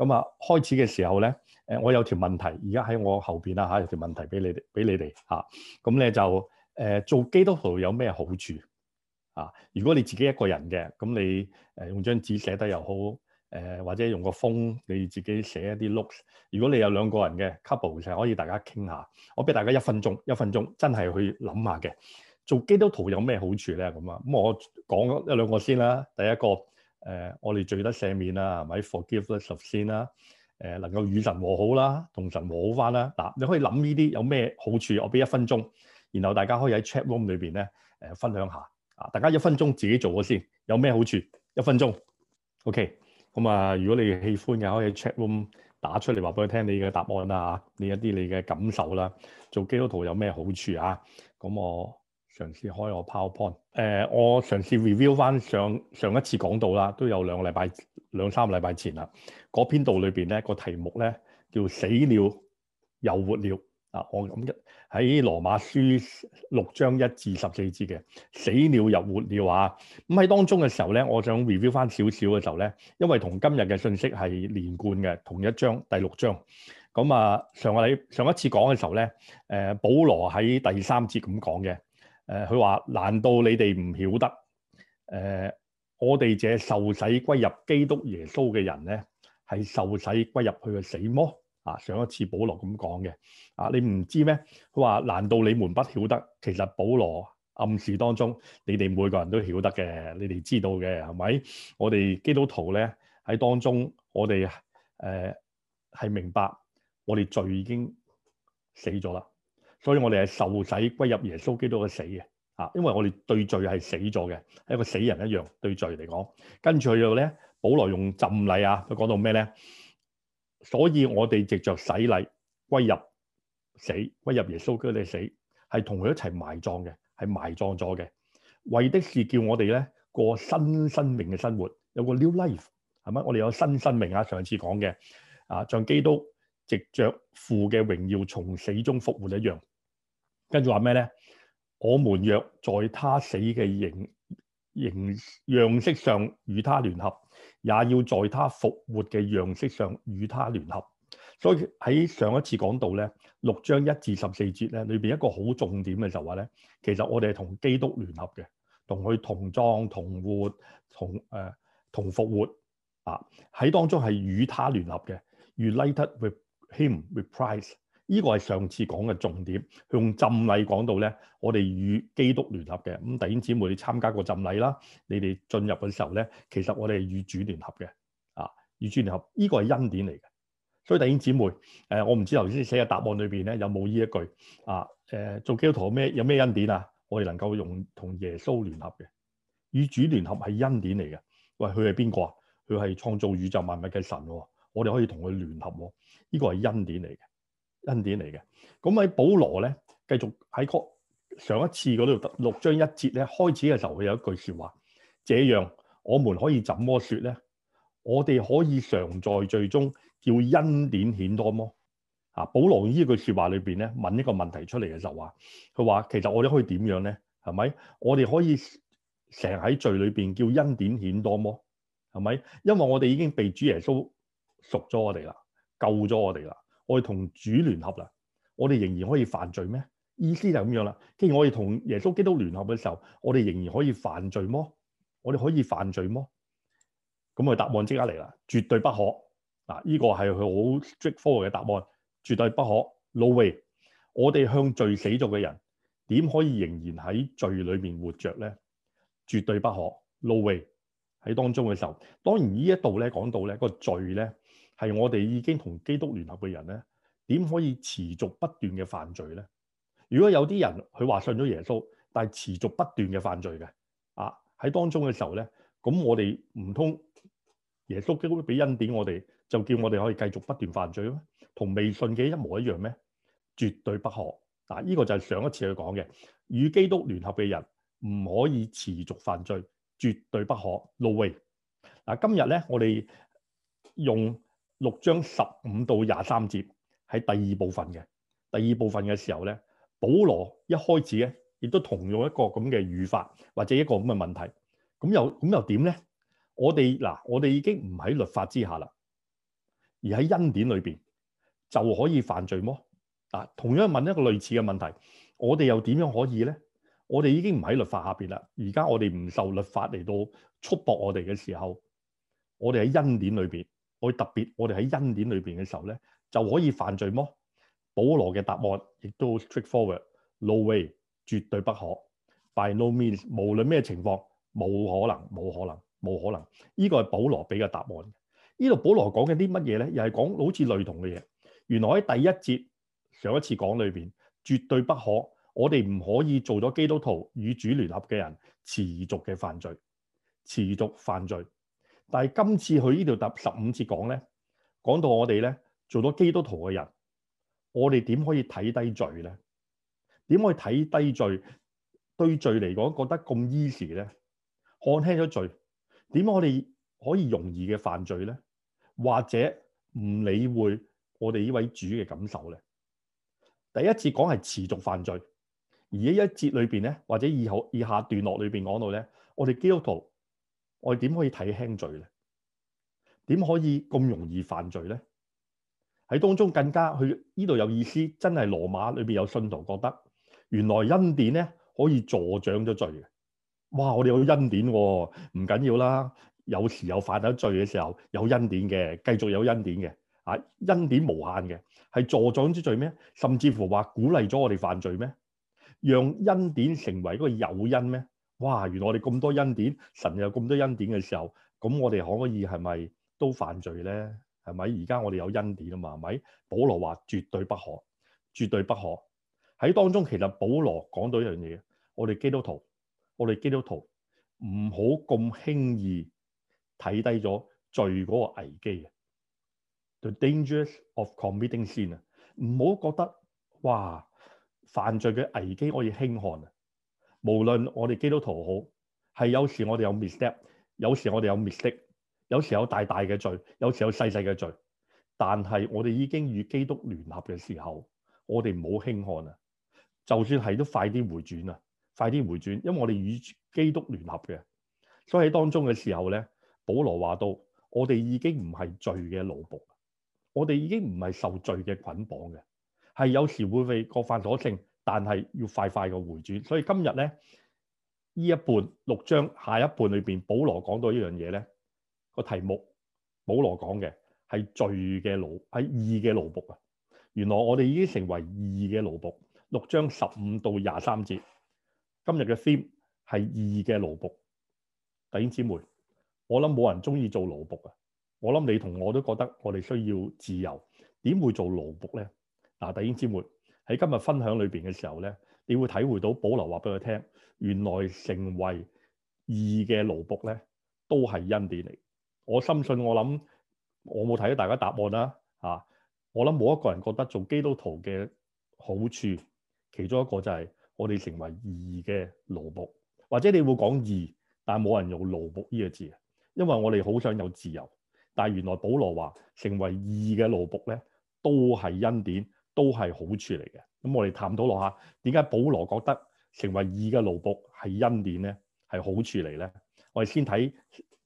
咁啊，開始嘅時候咧，誒，我有條問題，而家喺我後邊啦嚇，有條問題俾你哋，俾你哋嚇。咁、啊、咧就誒，做基督徒有咩好處啊？如果你自己一個人嘅，咁你誒用張紙寫得又好，誒、呃、或者用個封你自己寫一啲 note。如果你有兩個人嘅 couple，就可以大家傾下。我俾大家一分鐘，一分鐘真係去諗下嘅，做基督徒有咩好處咧？咁啊，咁我講一兩個先啦。第一個。誒、呃，我哋罪得赦免啦、啊，係咪？Forgive the sin 啦、啊，誒、呃，能夠與神和好啦、啊，同神和好翻、啊、啦。嗱、啊，你可以諗呢啲有咩好處？我俾一分鐘，然後大家可以喺 chat room 裏邊咧，誒、呃，分享下啊。大家一分鐘自己做過先，有咩好處？一分鐘，OK。咁啊，如果你喜歡嘅，可以 chat room 打出嚟，話俾佢聽你嘅答案啦、啊，嚇，你一啲你嘅感受啦、啊。做基督徒有咩好處啊？咁我。嘗試開我 PowerPoint，誒、呃，我嘗試 review 翻上上一次講到啦，都有兩個禮拜、兩三個禮拜前啦。嗰篇道裏邊咧，個題目咧叫死了又、啊、又活了啊。我咁一喺羅馬書六章一至十四節嘅死了又活了啊。咁喺當中嘅時候咧，我想 review 翻少少嘅時候咧，因為同今日嘅信息係連貫嘅，同一章第六章。咁啊，上個禮上一次講嘅時候咧，誒、呃，保羅喺第三節咁講嘅。誒，佢話：難道你哋唔曉得？誒、呃，我哋這受洗歸入基督耶穌嘅人咧，係受洗歸入去嘅死嗎啊？上一次保羅咁講嘅啊，你唔知咩？佢話：難道你們不曉得？其實保羅暗示當中，你哋每個人都曉得嘅，你哋知道嘅係咪？我哋基督徒咧喺當中，我哋誒係明白，我哋罪已經死咗啦。所以我哋係受洗歸入耶穌基督嘅死嘅，啊，因為我哋對罪係死咗嘅，係一個死人一樣對罪嚟講。跟住佢到咧，保羅用浸禮啊，佢講到咩咧？所以我哋藉着洗禮歸入死，歸入耶穌基督嘅死，係同佢一齊埋葬嘅，係埋葬咗嘅，為的是叫我哋咧過新生命嘅生活，有個 new life，係咪？我哋有新生命啊，上次講嘅，啊，像基督藉着父嘅榮耀從死中復活一樣。跟住話咩咧？我們若在他死嘅形形，形樣式上與他聯合，也要在他復活嘅樣式上與他聯合。所以喺上一次講到咧，六章一至十四節咧，裏邊一個好重點嘅就話咧，其實我哋係同基督聯合嘅，同佢同葬同活同誒同復活啊！喺當中係與他聯合嘅，related with him with Christ 呢個係上次講嘅重點，用浸禮講到咧，我哋與基督聯合嘅。咁、嗯、弟兄姊妹，你參加過浸禮啦，你哋進入嘅時候咧，其實我哋係與主聯合嘅。啊，與主聯合，呢、這個係恩典嚟嘅。所以弟兄姊妹，誒、呃，我唔知頭先寫嘅答案裏邊咧有冇呢一句啊？誒、呃，做基督徒咩有咩恩典啊？我哋能夠用同耶穌聯合嘅，與主聯合係恩典嚟嘅。喂，佢係邊個啊？佢係創造宇宙萬物嘅神喎、啊，我哋可以同佢聯合喎、啊，依、這個係恩典嚟嘅。恩典嚟嘅，咁喺保羅咧，繼續喺個上一次嗰度六章一節咧，開始嘅時候佢有一句說話，這樣我們可以怎麼說咧？我哋可以常在罪中叫恩典顯多麼？啊，保羅呢句說話裏邊咧，問一個問題出嚟嘅時候話，佢話其實我哋可以點樣咧？係咪？我哋可以成日喺罪裏邊叫恩典顯多麼？係咪？因為我哋已經被主耶穌贖咗我哋啦，救咗我哋啦。我哋同主聯合啦，我哋仍然可以犯罪咩？意思就咁樣啦。既然我哋同耶穌基督聯合嘅時候，我哋仍然可以犯罪麼？我哋可以犯罪麼？咁啊，答案即刻嚟啦，絕對不可。嗱，呢個係佢好 straightforward 嘅答案，絕對不可。No way！我哋向罪死咗嘅人，點可以仍然喺罪裏面活着咧？絕對不可。No way！喺當中嘅時候，當然呢一度咧講到咧、呢個罪咧。係我哋已經同基督聯合嘅人咧，點可以持續不斷嘅犯罪咧？如果有啲人佢話信咗耶穌，但係持續不斷嘅犯罪嘅，啊喺當中嘅時候咧，咁我哋唔通耶穌基督俾恩典我哋，就叫我哋可以繼續不斷犯罪咩？同未信嘅一模一樣咩？絕對不可！嗱、啊，依、這個就係上一次佢講嘅，與基督聯合嘅人唔可以持續犯罪，絕對不可。Louis 嗱、啊，今日咧我哋用。六章十五到廿三節係第二部分嘅，第二部分嘅時候咧，保羅一開始咧，亦都同樣一個咁嘅語法或者一個咁嘅問題，咁又咁又點咧？我哋嗱、啊，我哋已經唔喺律法之下啦，而喺恩典裏邊就可以犯罪麼？啊，同樣問一個類似嘅問題，我哋又點樣可以咧？我哋已經唔喺律法下邊啦，而家我哋唔受律法嚟到束縛我哋嘅時候，我哋喺恩典裏邊。我特別，我哋喺恩典裏邊嘅時候咧，就可以犯罪麼？保羅嘅答案亦都 straightforward，no way，絕對不可。By no means，無論咩情況，冇可能，冇可能，冇可能。呢個係保羅俾嘅答案。呢度保羅講緊嘅啲乜嘢咧？又係講好似類同嘅嘢。原來喺第一節上一次講裏邊，絕對不可，我哋唔可以做咗基督徒與主聯合嘅人持續嘅犯罪，持續犯罪。但係今次佢呢度答十五節講咧，講到我哋咧做咗基督徒嘅人，我哋點可以睇低罪咧？點可以睇低罪？對罪嚟講覺得咁 easy 咧？看輕咗罪，點我哋可以容易嘅犯罪咧？或者唔理會我哋呢位主嘅感受咧？第一次講係持續犯罪，而喺一節裏邊咧，或者以後以下段落裏邊講到咧，我哋基督徒。我哋點可以睇輕罪咧？點可以咁容易犯罪咧？喺當中更加去呢度有意思，真係羅馬裏邊有信徒覺得，原來恩典咧可以助長咗罪嘅。哇！我哋有恩典，哦，唔緊要啦。有時有犯咗罪嘅時候，有恩典嘅，繼續有恩典嘅。啊，恩典無限嘅，係助長之罪咩？甚至乎話鼓勵咗我哋犯罪咩？讓恩典成為嗰個誘因咩？哇！原來我哋咁多恩典，神有咁多恩典嘅時候，咁我哋可唔可以係咪都犯罪咧？係咪而家我哋有恩典啊嘛？係咪？保羅話絕對不可，絕對不可。喺當中其實保羅講到一樣嘢，我哋基督徒，我哋基督徒唔好咁輕易睇低咗罪嗰個危機。The dangers of committing sin 啊，唔好覺得哇，犯罪嘅危機可以輕看啊！無論我哋基督徒好，係有時我哋有 mistake，有時我哋有 miss，有時有大大嘅罪，有時有細細嘅罪。但係我哋已經與基督聯合嘅時候，我哋唔好輕看啊！就算係都快啲回轉啊，快啲回轉，因為我哋與基督聯合嘅。所以喺當中嘅時候咧，保羅話到我：我哋已經唔係罪嘅奴僕，我哋已經唔係受罪嘅捆綁嘅，係有時會被過犯所勝。但係要快快嘅回轉，所以今日咧呢一半六章，下一半裏邊保羅講到呢樣嘢咧個題目，保羅講嘅係罪嘅奴，係義嘅奴僕啊。原來我哋已經成為義嘅奴僕。六章十五到廿三節，今日嘅 theme 係義嘅奴僕。弟兄姊妹，我諗冇人中意做奴僕啊。我諗你同我都覺得我哋需要自由，點會做奴僕咧？嗱，弟兄姊妹。喺今日分享裏邊嘅時候咧，你會體會到保羅話俾佢聽，原來成為義嘅奴僕咧，都係恩典嚟。我深信我，我諗我冇睇到大家答案啦，啊，我諗冇一個人覺得做基督徒嘅好處，其中一個就係我哋成為義嘅奴僕，或者你會講義，但係冇人用奴僕呢個字，因為我哋好想有自由，但係原來保羅話成為義嘅奴僕咧，都係恩典。都係好處嚟嘅。咁我哋探討落下，點解保羅覺得成為二嘅奴僕係恩典咧，係好處嚟咧？我哋先睇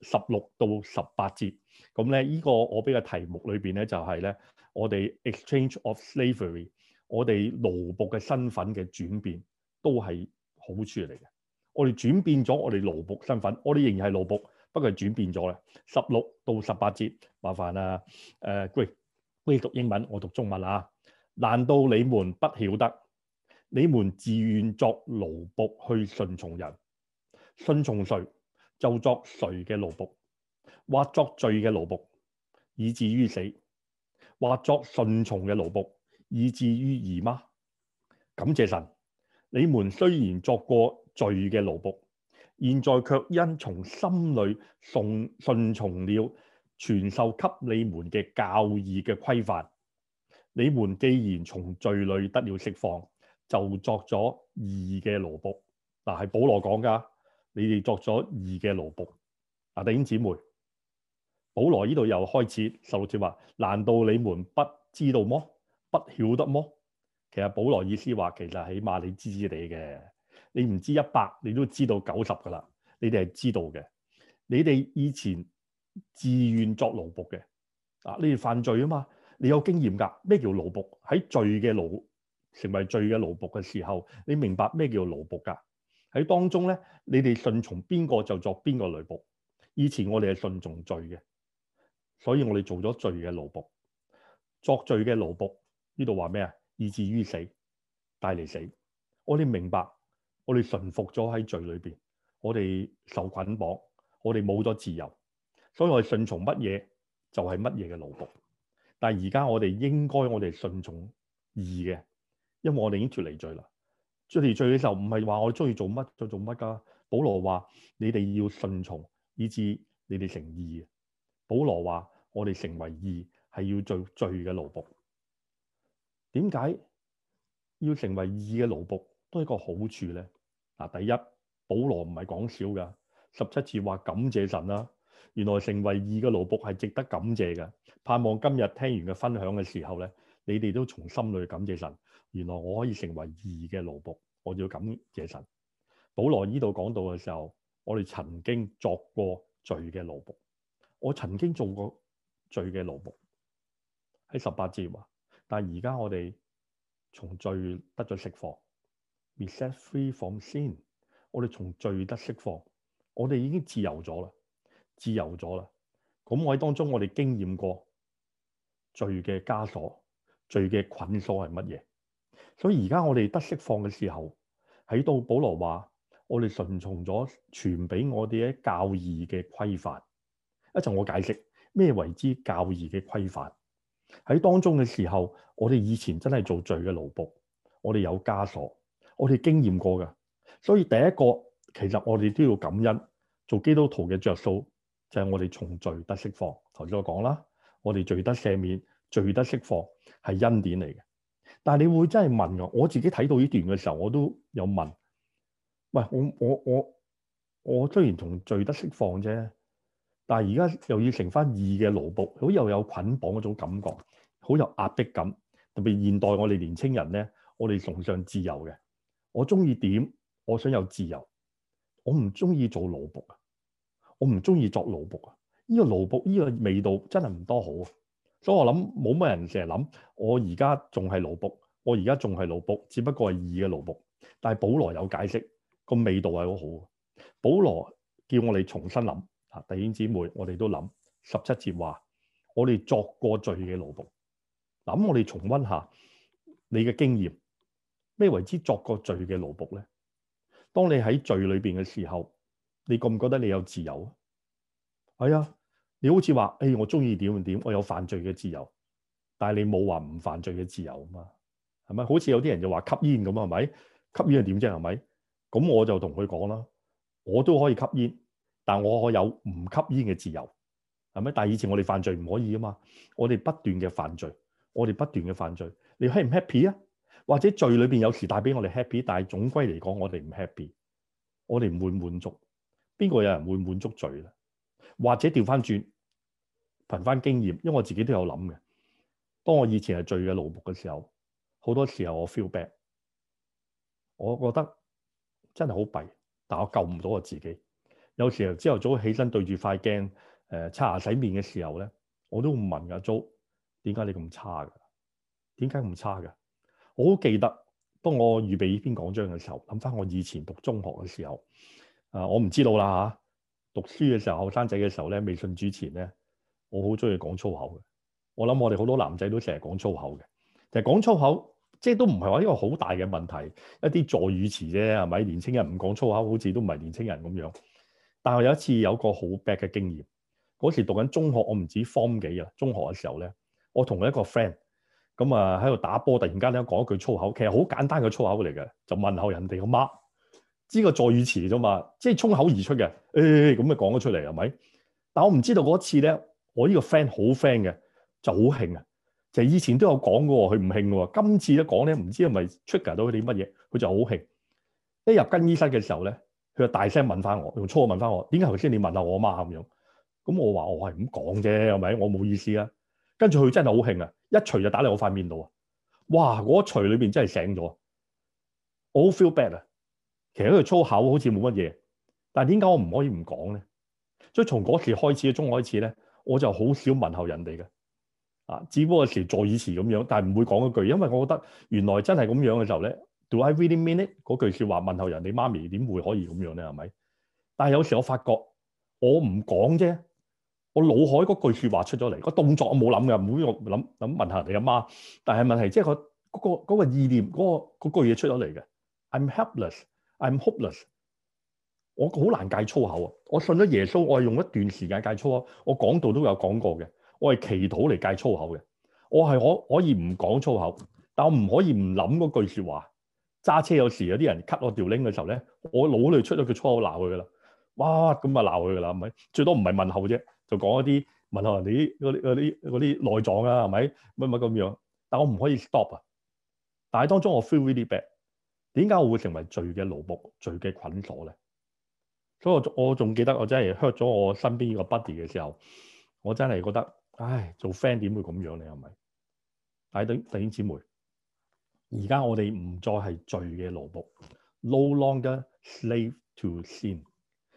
十六到十八節。咁咧，呢個我俾嘅題目裏邊咧，就係咧，我哋 exchange of slavery，我哋奴僕嘅身份嘅轉變都係好處嚟嘅。我哋轉變咗我哋奴僕身份，我哋仍然係奴僕，不過係轉變咗嘅。十六到十八節，麻煩啊，誒 Grace，不如讀英文，我讀中文啦，啊。.難道你們不曉得？你們自願作奴僕去順從人，順從誰就作誰嘅奴僕，或作罪嘅奴僕，以至於死；或作順從嘅奴僕，以至於義嗎？感謝神，你們雖然作過罪嘅奴僕，現在卻因從心裏順順從了傳授給你們嘅教義嘅規範。你們既然從罪裏得了釋放，就作咗義嘅奴僕。嗱、啊，係保羅講噶，你哋作咗義嘅奴僕。嗱、啊，弟兄姊妹，保羅呢度又開始。十六節話：難道你們不知道麼？不曉得麼？其實保羅意思話，其實起碼你知知哋嘅，你唔知一百，你都知道九十噶啦。你哋係知道嘅。你哋以前自願作奴僕嘅，啊，你哋犯罪啊嘛。你有經驗噶？咩叫奴僕？喺罪嘅奴，成為罪嘅奴僕嘅時候，你明白咩叫奴僕噶？喺當中咧，你哋順從邊個就作邊個奴僕。以前我哋係順從罪嘅，所以我哋做咗罪嘅奴僕。作罪嘅奴僕，呢度話咩啊？以至於死，帶嚟死。我哋明白，我哋順服咗喺罪裏邊，我哋受捆綁，我哋冇咗自由，所以我哋順從乜嘢就係乜嘢嘅奴僕。但係而家我哋應該我哋順從義嘅，因為我哋已經脫離罪啦。脫離罪嘅時候唔係話我哋中意做乜就做乜噶。保羅話：你哋要順從，以至你哋成義嘅。保羅話：我哋成為義係要做罪嘅奴僕。點解要成為義嘅奴僕都係一個好處咧？嗱，第一，保羅唔係講笑噶，十七節話感謝神啦、啊。原來成為義嘅奴僕係值得感謝嘅。盼望今日聽完嘅分享嘅時候咧，你哋都從心裏感謝神。原來我可以成為義嘅奴僕，我要感謝神。保羅呢度講到嘅時候，我哋曾經作過罪嘅奴僕，我曾經做過罪嘅奴僕，喺十八節話，但係而家我哋從罪得咗釋放 set free from sin。我哋從罪得釋放，我哋已經自由咗啦。自由咗啦，咁我喺當中我哋經驗過罪嘅枷鎖、罪嘅捆鎖係乜嘢？所以而家我哋得釋放嘅時候，喺度保羅話我哋順從咗傳俾我哋嘅教義嘅規範。一陣我解釋咩為之教義嘅規範。喺當中嘅時候，我哋以前真係做罪嘅奴僕，我哋有枷鎖，我哋經驗過㗎。所以第一個其實我哋都要感恩做基督徒嘅着數。就係我哋從罪得釋放，頭先我講啦，我哋罪得赦免、罪得釋放係恩典嚟嘅。但係你會真係問我，我自己睇到呢段嘅時候，我都有問，喂，我我我我雖然從罪得釋放啫，但係而家又要成翻義嘅奴僕，好又有捆綁嗰種感覺，好有壓迫感。特別現代我哋年青人咧，我哋崇尚自由嘅，我中意點，我想有自由，我唔中意做奴僕我唔中意作奴僕啊！呢個奴僕呢個味道真係唔多好啊！所以我諗冇乜人成日諗我而家仲係奴僕，我而家仲係奴僕，只不過係義嘅奴僕。但係保羅有解釋個味道係好好。保羅叫我哋重新諗啊！弟兄姊妹，我哋都諗十七節話，我哋作過罪嘅奴僕。嗱，咁我哋重溫下你嘅經驗，咩為之作過罪嘅奴僕咧？當你喺罪裏邊嘅時候。你覺唔覺得你有自由？係啊，你好似話誒，我中意點點，我有犯罪嘅自由，但係你冇話唔犯罪嘅自由嘛？係咪？好似有啲人就話吸煙咁，係咪？吸煙係點啫？係咪？咁我就同佢講啦，我都可以吸煙，但我可有唔吸煙嘅自由，係咪？但係以前我哋犯罪唔可以啊嘛，我哋不斷嘅犯罪，我哋不斷嘅犯，犯罪，你 ha happy 唔 happy 啊？或者罪裏邊有時帶俾我哋 happy，但係總歸嚟講，我哋唔 happy，我哋唔會滿足。邊個有人會滿足罪咧？或者調翻轉，憑翻經驗，因為我自己都有諗嘅。當我以前係罪嘅奴僕嘅時候，好多時候我 feel bad，我覺得真係好弊，但我救唔到我自己。有時候朝頭早起身對住塊鏡，誒、呃，刷牙洗面嘅時候咧，我都唔問阿、啊、Joe，點解你咁差㗎？點解咁差㗎？我好記得，當我預備呢篇講章嘅時候，諗翻我以前讀中學嘅時候。啊！我唔知道啦嚇、啊。讀書嘅時候，後生仔嘅時候咧，未信主前咧，我好中意講粗口嘅。我諗我哋好多男仔都成日講粗口嘅。其實講粗口即係都唔係話一個好大嘅問題，一啲助語詞啫，係咪？年青人唔講粗口，好似都唔係年青人咁樣。但係有一次有一個好 bad 嘅經驗，嗰時讀緊中學，我唔止 form 幾啊。中學嘅時候咧，我同一個 friend 咁啊喺度打波，突然間咧講一句粗口，其實好簡單嘅粗口嚟嘅，就問候人哋個媽，媽知個助語詞啫嘛，即係衝口而出嘅，誒咁咪講咗出嚟係咪？但我唔知道嗰次咧，我呢個 friend 好 friend 嘅就好興啊，就、就是、以前都有講過，佢唔興噶，今次一講咧，唔知係咪 trigger 到佢啲乜嘢，佢就好興。一入更衣室嘅時候咧，佢就大聲問翻我，用粗口問翻我，點解頭先你問下我阿媽咁樣？咁我話我係咁講啫，係咪？我冇意思啊。跟住佢真係好興啊，一錘就打嚟我塊面度啊！哇，一錘裏邊真係醒咗，我好 feel bad 啊！其實喺佢粗口好似冇乜嘢，但係點解我唔可以唔講咧？所以從嗰時開始嘅中開始咧，我就好少問候人哋嘅啊，只不過有時助語詞咁樣，但係唔會講句，因為我覺得原來真係咁樣嘅時候咧，Do I really mean it？嗰句說話問候人哋媽咪點會可以咁樣咧？係咪？但係有時我發覺我唔講啫，我腦海嗰句說話出咗嚟，個動作我冇諗嘅，唔會我諗諗問下人哋阿媽，但係問題即係嗰個嗰個嗰個意念嗰個嗰個句嘢出咗嚟嘅，I'm helpless。I'm hopeless。我好難戒粗口啊！我信咗耶穌，我係用一段時間戒粗口。我講道都有講過嘅，我係祈禱嚟戒粗口嘅。我係可可以唔講粗口，但我唔可以唔諗嗰句說話。揸車有時有啲人 cut 我條 link 嘅時候咧，我腦裏出咗句粗口鬧佢噶啦。哇，咁啊鬧佢噶啦，係咪？最多唔係問候啫，就講一啲問候人哋啲嗰啲嗰啲內臟啊，係咪乜乜咁樣？但我唔可以 stop 啊。但係當中我 feel really bad。點解我會成為罪嘅奴僕、罪嘅捆鎖咧？所以我我仲記得我真係 hurt 咗我身邊呢個 buddy 嘅時候，我真係覺得，唉，做 friend 點會咁樣你係咪？唉，弟兄姊妹，而家我哋唔再係罪嘅奴僕，no longer slave to sin，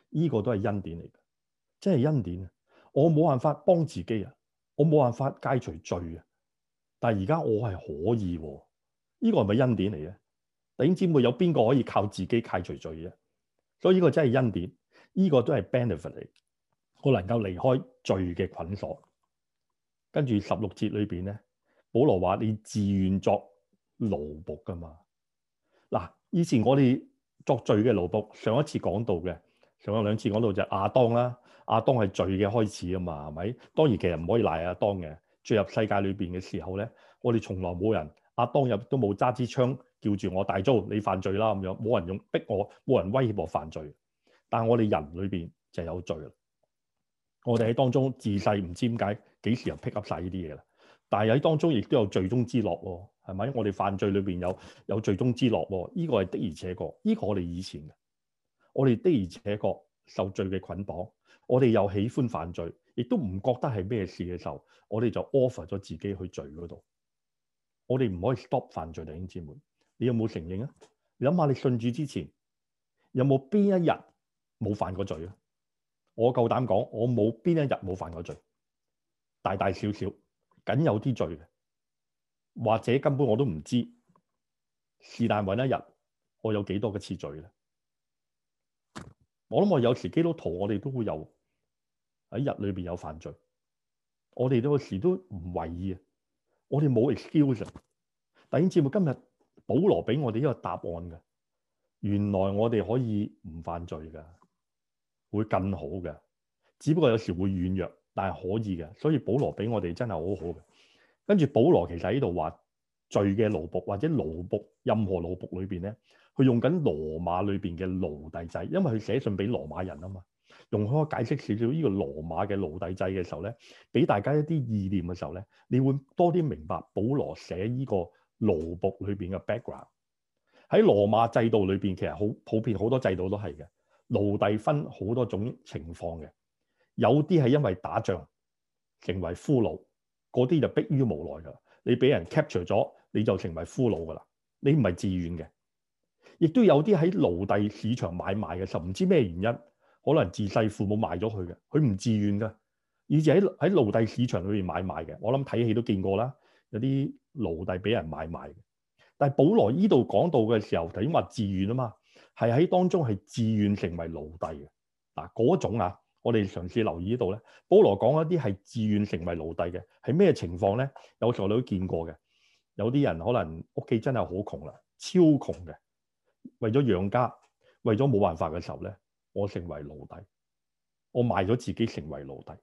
呢個都係恩典嚟嘅，即係恩典。我冇辦法幫自己啊，我冇辦法解除罪啊，但係而家我係可以，呢、這個係咪恩典嚟嘅？弟兄姊妹，有邊個可以靠自己戒除罪啊？所以呢個真係恩典，呢個都係 benefit 嚟。我能夠離開罪嘅捆鎖，跟住十六節裏邊咧，保羅話你自願作奴僕噶嘛？嗱，以前我哋作罪嘅奴僕，上一次講到嘅，上兩次講到就亞當啦，啊。亞當係罪嘅開始啊嘛，係咪？當然其實唔可以賴亞當嘅，墜入世界裏邊嘅時候咧，我哋從來冇人亞當入都冇揸支槍。叫住我大租，你犯罪啦咁樣，冇人用逼我，冇人威脅我犯罪。但係我哋人裏邊就有罪啦。我哋喺當中自細唔知點解幾時又 pick up 晒呢啲嘢，啦。但係喺當中亦都有罪中之樂，係咪？我哋犯罪裏邊有有罪中之樂，呢個係的而且確。呢個我哋以前嘅，我哋的而且確受罪嘅捆綁。我哋又喜歡犯罪，亦都唔覺得係咩事嘅時候，我哋就 offer 咗自己去罪嗰度。我哋唔可以 stop 犯罪，弟兄姊妹。你有冇承認啊？你諗下，你信主之前有冇邊一日冇犯過罪啊？我夠膽講，我冇邊一日冇犯過罪，大大小小，梗有啲罪嘅，或者根本我都唔知。是但搵一日，我有幾多嘅次罪咧？我諗我有時基督徒，我哋都會有喺日裏邊有犯罪，我哋到時都唔為意啊，我哋冇 excuse。但係呢節目今日。保羅俾我哋呢個答案嘅，原來我哋可以唔犯罪噶，會更好嘅。只不過有時會軟弱，但係可以嘅。所以保羅俾我哋真係好好嘅。跟住保羅其實喺度話，罪嘅奴僕或者奴僕，任何奴僕裏邊咧，佢用緊羅馬裏邊嘅奴隸制，因為佢寫信俾羅馬人啊嘛。用佢開解釋少少呢個羅馬嘅奴隸制嘅時候咧，俾大家一啲意念嘅時候咧，你會多啲明白保羅寫呢個。奴僕裏邊嘅 background 喺羅馬制度裏邊，其實好普遍，好多制度都係嘅。奴隸分好多種情況嘅，有啲係因為打仗成為俘虜，嗰啲就迫於無奈㗎。你俾人 capture 咗，你就成為俘虜㗎啦。你唔係自願嘅。亦都有啲喺奴隸市場買賣嘅，就唔知咩原因，可能自細父母賣咗佢嘅，佢唔自願㗎。以至喺喺奴隸市場裏邊買賣嘅，我諗睇戲都見過啦，有啲。奴隸俾人買賣，但係保羅依度講到嘅時候，頭先話自願啊嘛，係喺當中係自願成為奴隸嘅嗱嗰種啊。我哋嘗試留意呢度咧，保羅講嗰啲係自願成為奴隸嘅係咩情況咧？有時候你都見過嘅，有啲人可能屋企真係好窮啦，超窮嘅，為咗養家，為咗冇辦法嘅時候咧，我成為奴隸，我賣咗自己成為奴隸。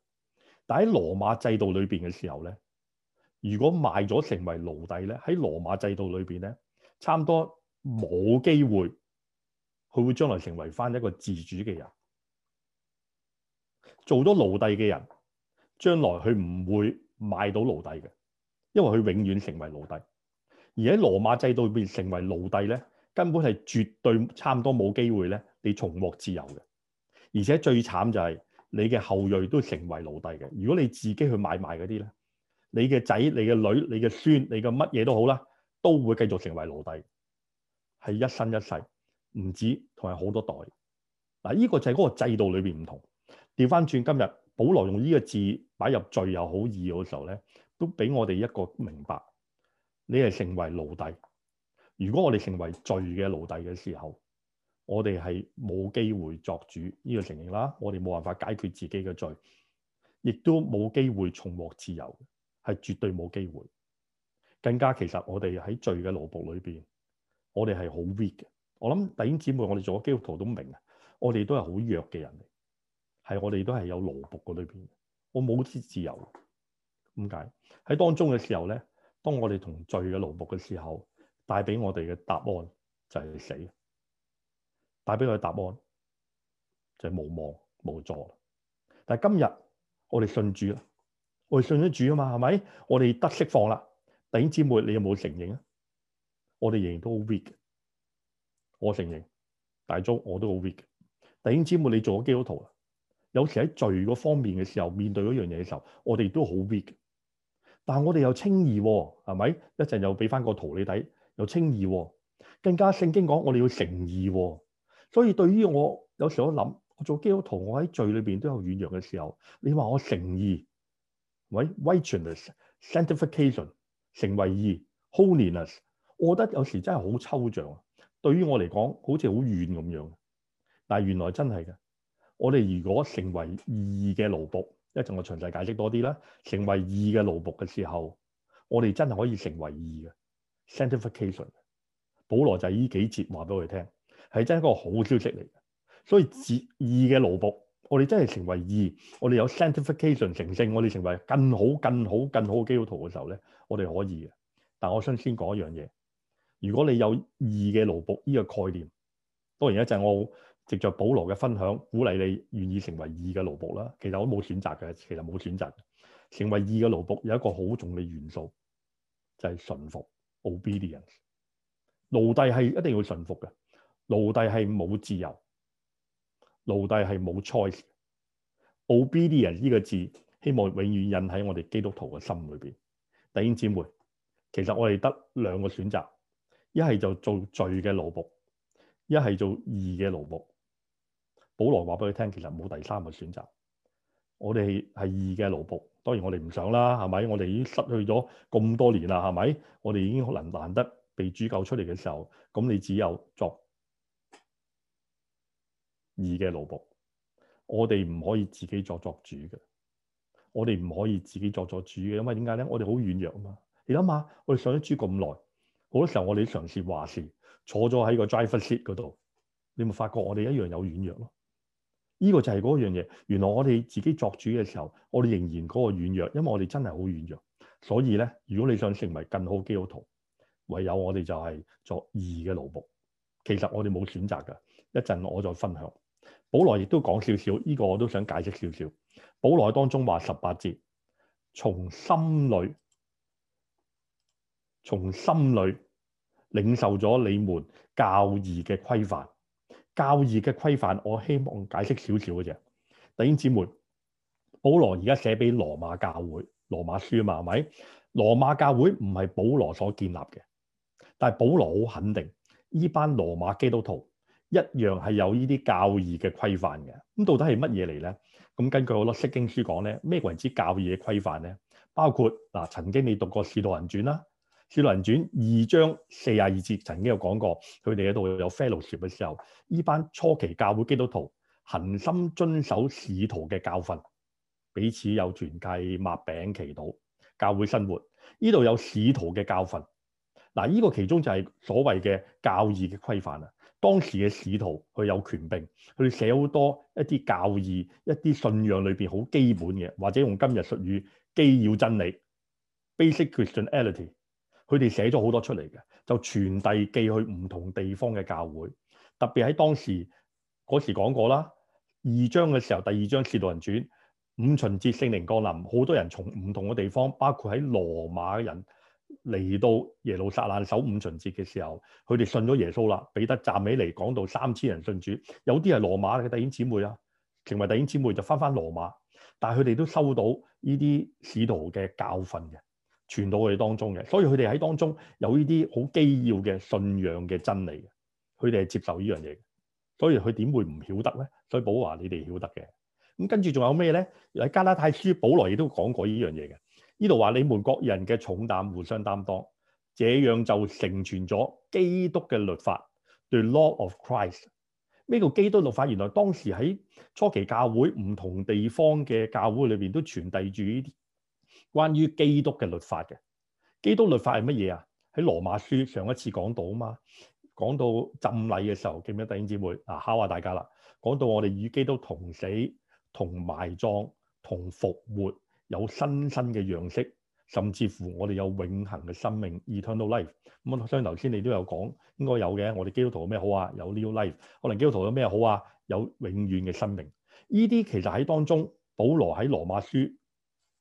但喺羅馬制度裏邊嘅時候咧。如果賣咗成為奴隸咧，喺羅馬制度裏邊咧，差唔多冇機會，佢會將來成為返一個自主嘅人。做咗奴隸嘅人，將來佢唔會賣到奴隸嘅，因為佢永遠成為奴隸。而喺羅馬制度裏邊成為奴隸咧，根本係絕對差唔多冇機會咧，你重獲自由嘅。而且最慘就係你嘅後裔都成為奴隸嘅。如果你自己去買賣嗰啲咧。你嘅仔、你嘅女、你嘅孫、你嘅乜嘢都好啦，都會繼續成為奴隸，係一生一世，唔止同埋好多代。嗱，呢個就係嗰個制度裏邊唔同。調翻轉今日，保羅用呢個字擺入罪又好義嘅時候咧，都俾我哋一個明白：你係成為奴隸。如果我哋成為罪嘅奴隸嘅時候，我哋係冇機會作主呢個情形啦。我哋冇辦法解決自己嘅罪，亦都冇機會重獲自由。係絕對冇機會，更加其實我哋喺罪嘅奴僕裏邊，我哋係好 weak 嘅。我諗弟兄姊妹，我哋做基督徒都明啊，我哋都係好弱嘅人嚟，係我哋都係有奴僕嗰裏邊，我冇啲自由。點解喺當中嘅時候咧？當我哋同罪嘅奴僕嘅時候，帶俾我哋嘅答案就係死，帶俾佢嘅答案就係冇望冇助。但係今日我哋信主啦。我哋信得主啊嘛，係咪？我哋得釋放啦。弟兄姊妹，你有冇承認啊？我哋仍然都好 weak。我承認，大鐘我都好 weak。弟兄姊妹，你做咗基督徒啊？有時喺罪嗰方面嘅時候，面對嗰樣嘢嘅時候，我哋都好 weak。但係我哋又輕易，係咪？一陣又俾翻個圖你睇，又輕易。更加聖經講，我哋要誠意。所以對於我有時我諗，我做基督徒，我喺罪裏邊都有軟弱嘅時候，你話我誠意？喂，威全啊，right，sanctification 成為義 holiness，我覺得有時真係好抽象啊，對於我嚟講好似好遠咁樣。但係原來真係嘅，我哋如果成為義嘅奴僕，詳細一陣我詳細解釋多啲啦。成為義嘅奴僕嘅時候，我哋真係可以成為義嘅 sanctification 保羅就係呢幾節話俾我哋聽，係真係一個好消息嚟嘅。所以義嘅奴僕。我哋真係成為義，我哋有 sanctification 成聖，我哋成為更好、更好、更好基督徒嘅時候咧，我哋可以嘅。但我想先講一樣嘢，如果你有義嘅奴僕呢個概念，當然一陣我藉着保羅嘅分享鼓勵你願意成為義嘅奴僕啦。其實我冇選擇嘅，其實冇選擇。成為義嘅奴僕有一個好重嘅元素，就係、是、順服 obedience。奴隸係一定要順服嘅，奴隸係冇自由。奴隸係冇 choice，obedience 呢個字希望永遠印喺我哋基督徒嘅心裡邊。弟兄姊妹，其實我哋得兩個選擇，一係就做罪嘅奴僕，一係做義嘅奴僕。保羅話俾佢聽，其實冇第三個選擇。我哋係義嘅奴僕，當然我哋唔想啦，係咪？我哋已經失去咗咁多年啦，係咪？我哋已經可能難得被主救出嚟嘅時候，咁你只有作二嘅奴僕，我哋唔可以自己作作主嘅，我哋唔可以自己作作主嘅，因為點解咧？我哋好軟弱啊嘛！你諗下，我哋上咗主咁耐，好多時候我哋嘗試話事，坐咗喺個 driver seat 嗰度，你咪發覺我哋一樣有軟弱咯。呢個就係嗰樣嘢，原來我哋自己作主嘅時候，我哋仍然嗰個軟弱，因為我哋真係好軟弱。所以咧，如果你想成為更好基督徒，唯有我哋就係作二嘅奴僕。其實我哋冇選擇噶，一陣我再分享。保羅亦都講少少，呢個我都想解釋少少。保羅當中話十八節，從心裡從心裡領受咗你們教義嘅規範，教義嘅規範，我希望解釋少少嘅啫。弟兄姊妹，保羅而家寫俾羅馬教會《羅馬書》嘛，係咪？羅馬教會唔係保羅所建立嘅，但係保羅好肯定依班羅馬基督徒。一樣係有呢啲教義嘅規範嘅，咁到底係乜嘢嚟咧？咁根據好多《釋經書》講咧，咩為之教義嘅規範咧？包括嗱、啊，曾經你讀過《使徒行傳》啦，《使徒行傳》二章四十二節曾經有講過，佢哋喺度有 fellowship 嘅時候，呢班初期教會基督徒恒心遵守使徒嘅教訓，彼此有團契、擘餅祈禱、教會生活，呢度有使徒嘅教訓。嗱、啊，呢、呢個其中就係所謂嘅教義嘅規範啦。當時嘅使徒佢有權柄，佢寫好多一啲教義、一啲信仰裏邊好基本嘅，或者用今日術語基要真理 （basic t r s t h a l i t y 佢哋寫咗好多出嚟嘅，就傳遞寄去唔同地方嘅教會。特別喺當時嗰時講過啦，二章嘅時候，第二章士徒人傳五旬節聖靈降臨，好多人從唔同嘅地方，包括喺羅馬嘅人。嚟到耶路撒冷守五旬節嘅時候，佢哋信咗耶穌啦。彼得站起嚟講道，講到三千人信主，有啲係羅馬嘅弟兄姊妹啊，成為弟兄姊妹就翻返羅馬，但係佢哋都收到呢啲使徒嘅教訓嘅，傳到佢哋當中嘅，所以佢哋喺當中有呢啲好基要嘅信仰嘅真理嘅，佢哋係接受呢樣嘢，所以佢點會唔曉得咧？所以保羅話：你哋曉得嘅。咁跟住仲有咩咧？喺加拉太書，保羅亦都講過呢樣嘢嘅。呢度話你們各人嘅重擔互相擔當，這樣就成全咗基督嘅律法。The Law of Christ，呢個基督律法原來當時喺初期教會唔同地方嘅教會裏邊都傳遞住呢啲關於基督嘅律法嘅。基督律法係乜嘢啊？喺羅馬書上一次講到啊嘛，講到浸禮嘅時候，記唔記得弟兄姊妹？嗱，考下大家啦。講到我哋與基督同死、同埋葬、同復活。有新生嘅樣式，甚至乎我哋有永恒嘅生命，eternal life。咁我相信頭先你都有講，應該有嘅。我哋基督徒有咩好啊？有 new life。我哋基督徒有咩好啊？有永遠嘅生命。呢啲其實喺當中，保羅喺羅馬書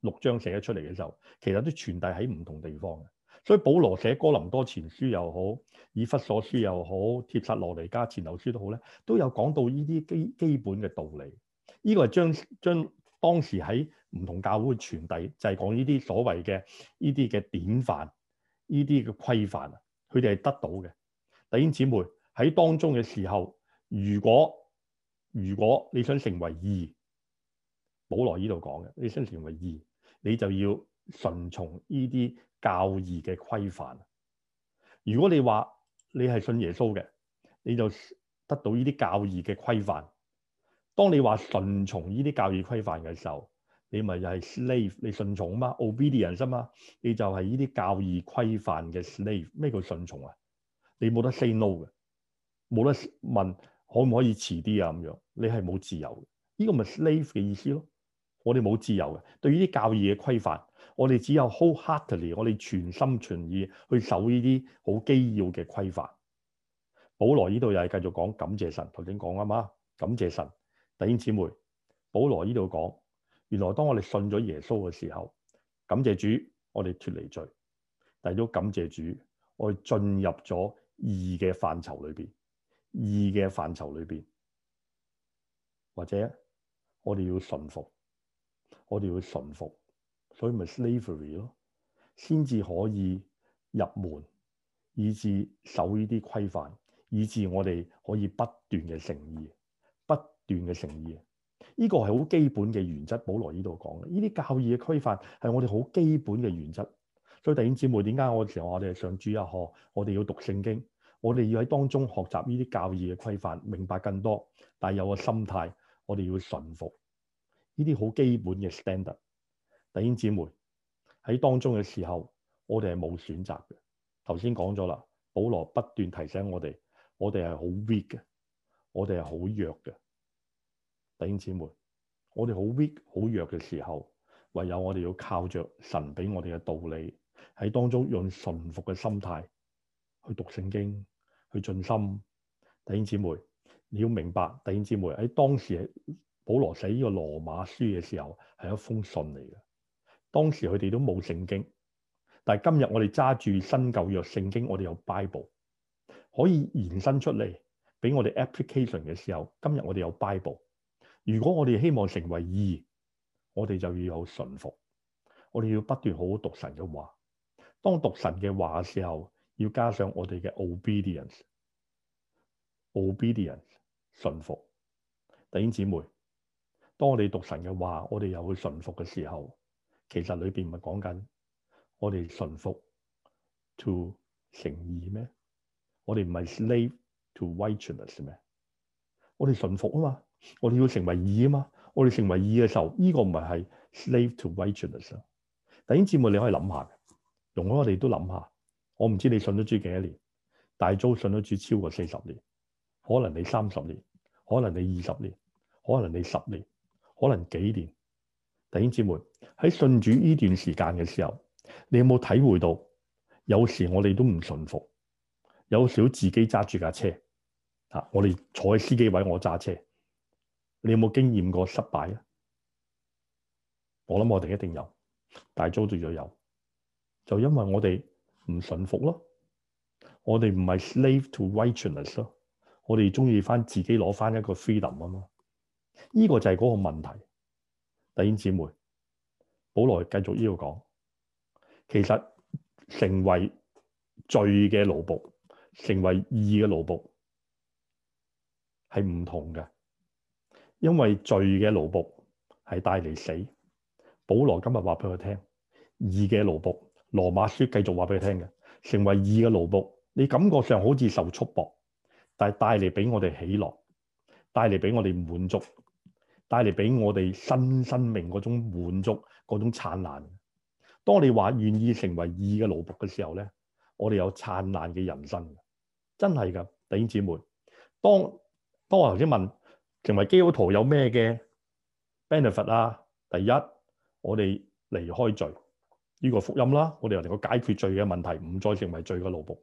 六章寫咗出嚟嘅時候，其實都傳遞喺唔同地方嘅。所以保羅寫哥林多前書又好，以弗所書又好，帖撒羅尼加前後書都好咧，都有講到呢啲基基本嘅道理。呢、呢個係將將。將當時喺唔同教會傳遞，就係講呢啲所謂嘅呢啲嘅典範，呢啲嘅規範啊，佢哋係得到嘅。弟兄姊妹喺當中嘅時候，如果如果你想成為義，保羅呢度講嘅，你想成為義，你就要順從呢啲教義嘅規範。如果你話你係信耶穌嘅，你就得到呢啲教義嘅規範。當你話順從呢啲教義規範嘅時候，你咪就係 slave，你順從啊嘛，obedience 啊嘛，你就係呢啲教義規範嘅 slave。咩叫順從啊？你冇得 say no 嘅，冇得問可唔可以遲啲啊？咁樣你係冇自由嘅。呢個咪 slave 嘅意思咯。我哋冇自由嘅，對於啲教義嘅規範，我哋只有 wholeheartedly，我哋全心全意去守呢啲好基要嘅規範。保羅呢度又係繼續講感謝神，頭先講啊嘛，感謝神。弟兄姊妹，保羅呢度講，原來當我哋信咗耶穌嘅時候，感謝主，我哋脱離罪，但係都感謝主，我哋進入咗義嘅範疇裏邊，義嘅範疇裏邊，或者我哋要順服，我哋要順服，所以咪 slavery 咯，先至可以入門，以至守呢啲規範，以至我哋可以不斷嘅誠意。段嘅誠意，呢、呢個係好基本嘅原則。保羅呢度講，呢啲教義嘅規範係我哋好基本嘅原則。所以弟兄姊妹，點解我時候我哋想主日學？我哋要讀聖經，我哋要喺當中學習呢啲教義嘅規範，明白更多。但係有個心態，我哋要順服呢啲好基本嘅 standard。弟兄姊妹喺當中嘅時候，我哋係冇選擇嘅。頭先講咗啦，保羅不斷提醒我哋，我哋係好 weak 嘅，我哋係好弱嘅。弟兄姊妹，我哋好 weak、好弱嘅時候，唯有我哋要靠着神俾我哋嘅道理，喺當中用順服嘅心態去讀聖經，去盡心。弟兄姊妹，你要明白，弟兄姊妹喺當時保羅寫呢個羅馬書嘅時候係一封信嚟嘅。當時佢哋都冇聖經，但係今日我哋揸住新舊約聖經，我哋有 Bible 可以延伸出嚟俾我哋 application 嘅時候，今日我哋有 Bible。如果我哋希望成為義，我哋就要有順服。我哋要不斷好好讀神嘅話。當讀神嘅話嘅時候，要加上我哋嘅 obedience，obedience 順服。弟兄姊妹，當我哋讀神嘅話，我哋又去順服嘅時候，其實裏邊唔係講緊我哋順服 to 成義咩？我哋唔係 slave to righteousness 咩？我哋順服啊嘛。我哋要成為義啊嘛！我哋成為義嘅時候，呢、這個唔係係 slave to wages 啊！弟兄姊妹，你可以諗下，容許我哋都諗下。我唔知你信咗主幾多年，大鄒信咗主超過四十年，可能你三十年，可能你二十年，可能你十年，可能幾年。弟兄姐妹喺信主呢段時間嘅時候，你有冇體會到有時我哋都唔信服，有時自己揸住架車啊！我哋坐喺司機位，我揸車。你有冇經驗過失敗啊？我諗我哋一定有，但係遭住咗有，就因為我哋唔信服咯，我哋唔係 slave to righteousness 咯，我哋中意翻自己攞翻一個 freedom 啊嘛，呢、這個就係嗰個問題。弟兄姊妹，保羅繼續呢度講，其實成為罪嘅奴僕，成為義嘅奴僕係唔同嘅。因為罪嘅奴僕係帶嚟死，保羅今日話俾佢聽，義嘅奴僕」。羅馬書繼續話俾佢聽嘅，成為義嘅奴僕,你感覺上好似受束縛,但係帶嚟俾我哋喜樂,帶嚟俾我哋滿足,帶嚟俾我哋新生，生命嗰種滿足,嗰種燦爛。當你話願意成為義嘅奴僕嘅時候咧,我哋有燦爛嘅人生,真係噶,弟兄姊妹,當當我頭先問。成為基督徒有咩嘅 benefit 啊？第一，我哋離開罪呢個福音啦，我哋能夠解決罪嘅問題，唔再成為罪嘅奴僕。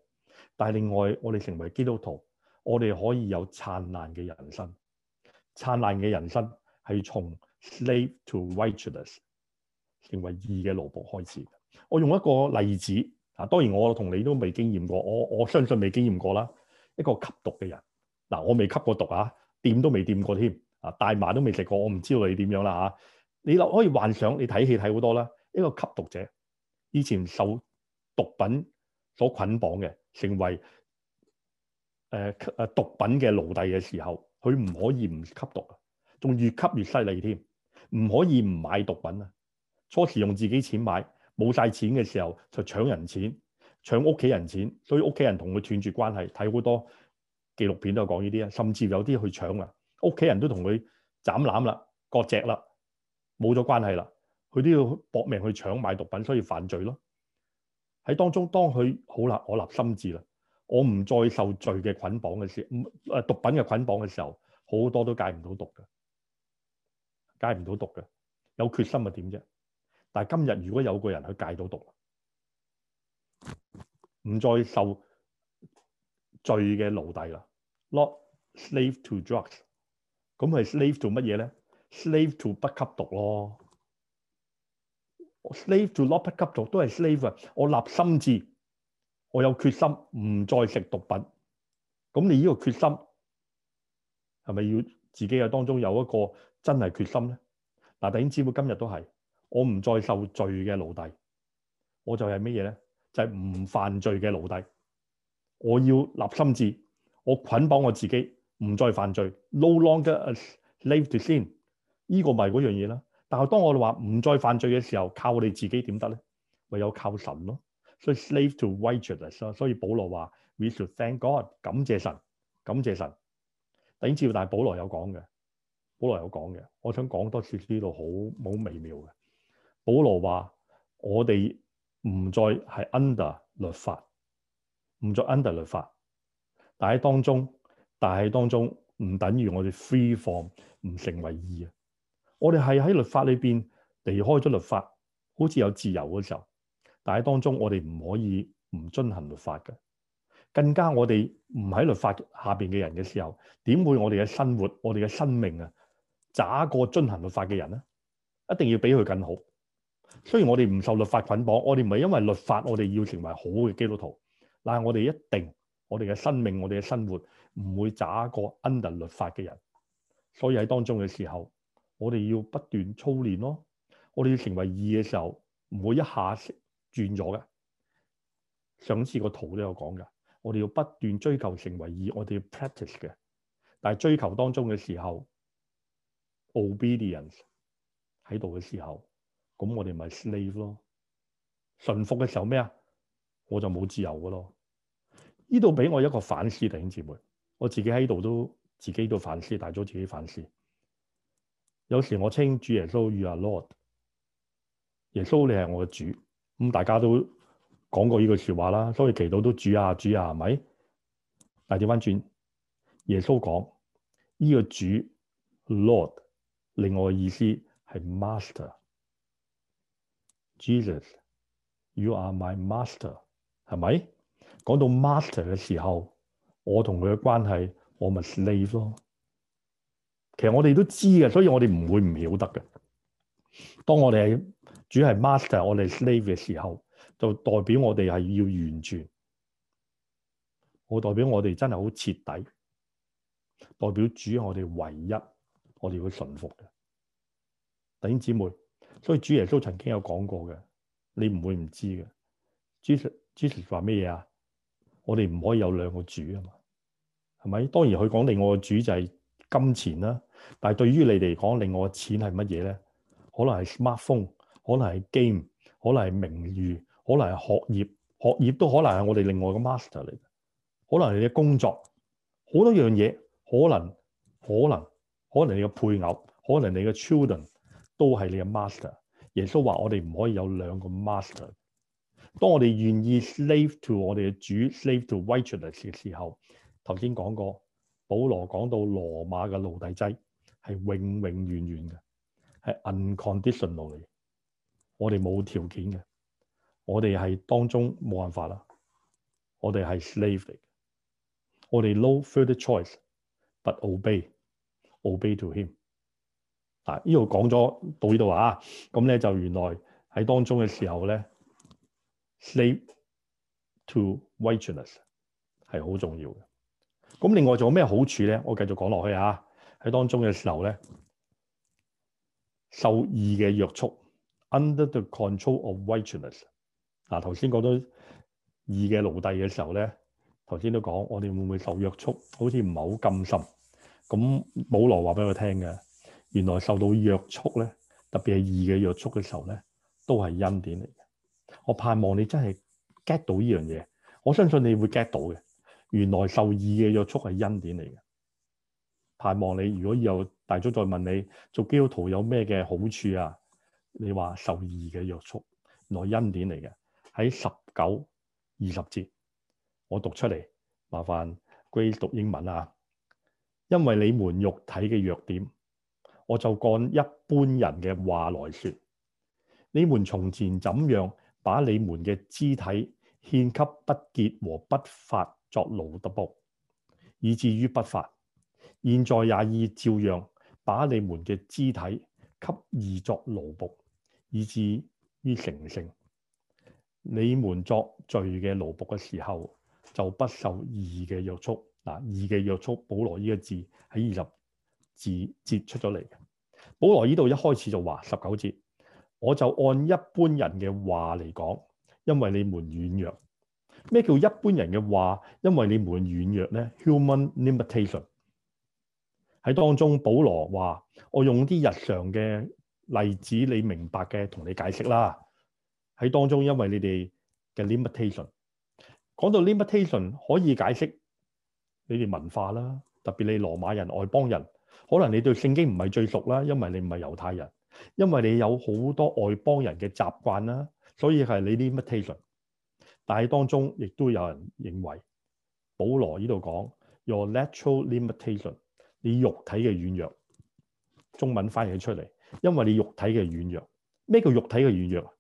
但係另外，我哋成為基督徒，我哋可以有燦爛嘅人生。燦爛嘅人生係從 slave to righteousness 成為義嘅奴僕開始。我用一個例子啊，當然我同你都未經驗過，我我相信未經驗過啦。一個吸毒嘅人嗱，我未吸過毒啊。掂都未掂過添，啊，大麻都未食過，我唔知道你點樣啦嚇、啊。你可可以幻想，你睇戲睇好多啦。一個吸毒者，以前受毒品所捆綁嘅，成為誒誒、呃、毒品嘅奴隸嘅時候，佢唔可以唔吸毒，仲越吸越犀利添，唔可以唔買毒品啊。初時用自己錢買，冇晒錢嘅時候就搶人錢，搶屋企人錢，所以屋企人同佢斷絕關係。睇好多。紀錄片都有講呢啲啊，甚至有啲去搶啦，屋企人都同佢斬纜啦、割蓆啦，冇咗關係啦，佢都要搏命去搶買毒品，所以犯罪咯。喺當中，當佢好啦，我立心志啦，我唔再受罪嘅捆綁嘅時，誒毒品嘅捆綁嘅時候，好多都戒唔到毒嘅，戒唔到毒嘅，有決心係點啫？但係今日如果有個人去戒到毒，唔再受罪嘅奴隸啦。Not slave to drugs，咁、嗯、係 slave 做乜嘢咧？slave to 不吸毒咯，slave to not 不吸毒都係 slave 啊！我立心志，我有決心唔再食毒品。咁、嗯、你呢個決心係咪要自己嘅當中有一個真係決心咧？嗱、嗯，弟兄姊妹今日都係，我唔再受罪嘅奴隸，我就係乜嘢咧？就係、是、唔犯罪嘅奴隸。我要立心志。我捆綁我自己，唔再犯罪。No longer a slave to sin，呢個咪嗰樣嘢啦。但係當我哋話唔再犯罪嘅時候，靠我哋自己點得咧？唯有靠神咯。所、so、以 slave to righteousness 啊。所以保羅話：We should thank God，感謝神，感謝神。頂照，但係保羅有講嘅，保羅有講嘅。我想講多次呢度好好微妙嘅。保羅話：我哋唔再係 under 律法，唔再 under 律法。但係當中，但係當中唔等於我哋 free form，唔成為義啊！我哋係喺律法裏邊離開咗律法，好似有自由嘅時候。但係當中，我哋唔可以唔遵行律法嘅。更加我哋唔喺律法下邊嘅人嘅時候，點會我哋嘅生活、我哋嘅生命啊？咋過遵行律法嘅人咧？一定要比佢更好。雖然我哋唔受律法捆綁，我哋唔係因為律法我哋要成為好嘅基督徒，但係我哋一定。我哋嘅生命，我哋嘅生活唔會渣過 under 律法嘅人，所以喺當中嘅時候，我哋要不斷操練咯。我哋要成為義嘅時候，唔會一下識轉咗嘅。上次個圖都有講㗎，我哋要不斷追求成為義，我哋要 practice 嘅。但係追求當中嘅時候，obedience 喺度嘅時候，咁我哋咪 slave 咯，順服嘅時候咩啊？我就冇自由㗎咯。呢度俾我一個反思，弟兄姊妹，我自己喺度都自己度反思，大咗自己反思。有時我稱主耶穌，You are Lord，耶穌你係我嘅主，咁、嗯、大家都講過呢句說話啦，所以祈禱都主啊主啊，係咪？但係調翻轉，耶穌講呢、這個主 Lord，另外個意思係 Master，Jesus，You are my Master，係咪？講到 master 嘅時候，我同佢嘅關係，我咪 slave 咯。其實我哋都知嘅，所以我哋唔會唔曉得嘅。當我哋係主係 master，我哋 slave 嘅時候，就代表我哋係要完全，我代表我哋真係好徹底，代表主係我哋唯一，我哋要順服嘅。弟兄姊妹，所以主耶穌曾經有講過嘅，你唔會唔知嘅。Jesus，Jesus 話咩嘢啊？我哋唔可以有兩個主啊嘛，係咪？當然佢講另外個主就係金錢啦，但係對於你哋嚟講，另外嘅錢係乜嘢咧？可能係 smartphone，可能係 game，可能係名譽，可能係學業，學業都可能係我哋另外一個 master 嚟嘅。可能你嘅工作，好多樣嘢，可能，可能，可能你嘅配偶，可能你嘅 children 都係你嘅 master。耶穌話：我哋唔可以有兩個 master。當我哋願意 to slave to 我哋嘅主，slave to righteousness 嘅時候，頭先講過，保羅講到羅馬嘅奴隸制係永永遠遠嘅，係 unconditional 嚟嘅。我哋冇條件嘅，我哋係當中冇辦法啦，我哋係 slave 嚟嘅，我哋 no further choice but obey, obey to him。啊，呢度講咗到呢度啊，咁咧就原來喺當中嘅時候咧。Slave to righteousness，係好重要嘅。咁另外仲有咩好處咧？我繼續講落去嚇、啊。喺當中嘅時候咧，受義嘅約束，under the control of righteousness。嗱，頭先講到義嘅奴隸嘅時候咧，頭先都講我哋會唔會受約束？好似唔係好咁深。咁保羅話俾我聽嘅，原來受到約束咧，特別係義嘅約束嘅時候咧，都係恩典嚟。我盼望你真係 get 到呢樣嘢，我相信你會 get 到嘅。原來受義嘅約束係恩典嚟嘅。盼望你，如果以後大咗再問你做基督徒有咩嘅好處啊，你話受義嘅約束，原來恩典嚟嘅。喺十九二十節，我讀出嚟，麻煩 Grace 讀英文啊，因為你們肉體嘅弱點，我就按一般人嘅話來説，你們從前怎樣？把你們嘅肢體獻給不潔和不法作奴的僕，以至於不法。現在也已照樣把你們嘅肢體給義作奴僕，以至於成聖。你們作罪嘅奴僕嘅時候，就不受義嘅約束。嗱，義嘅約束，保羅呢個字喺二十字節出咗嚟。保羅呢度一開始就話十九節。我就按一般人嘅話嚟講，因為你們軟弱。咩叫一般人嘅話？因為你們軟弱咧。Human limitation。喺當中，保羅話：我用啲日常嘅例子，你明白嘅，同你解釋啦。喺當中，因為你哋嘅 limitation，講到 limitation 可以解釋你哋文化啦。特別你羅馬人外邦人，可能你對聖經唔係最熟啦，因為你唔係猶太人。因為你有好多外邦人嘅習慣啦，所以係你啲 limitation。但係當中亦都有人認為保羅呢度講 your natural limitation，你肉體嘅軟弱，中文翻譯出嚟，因為你肉體嘅軟弱，咩叫肉體嘅軟弱？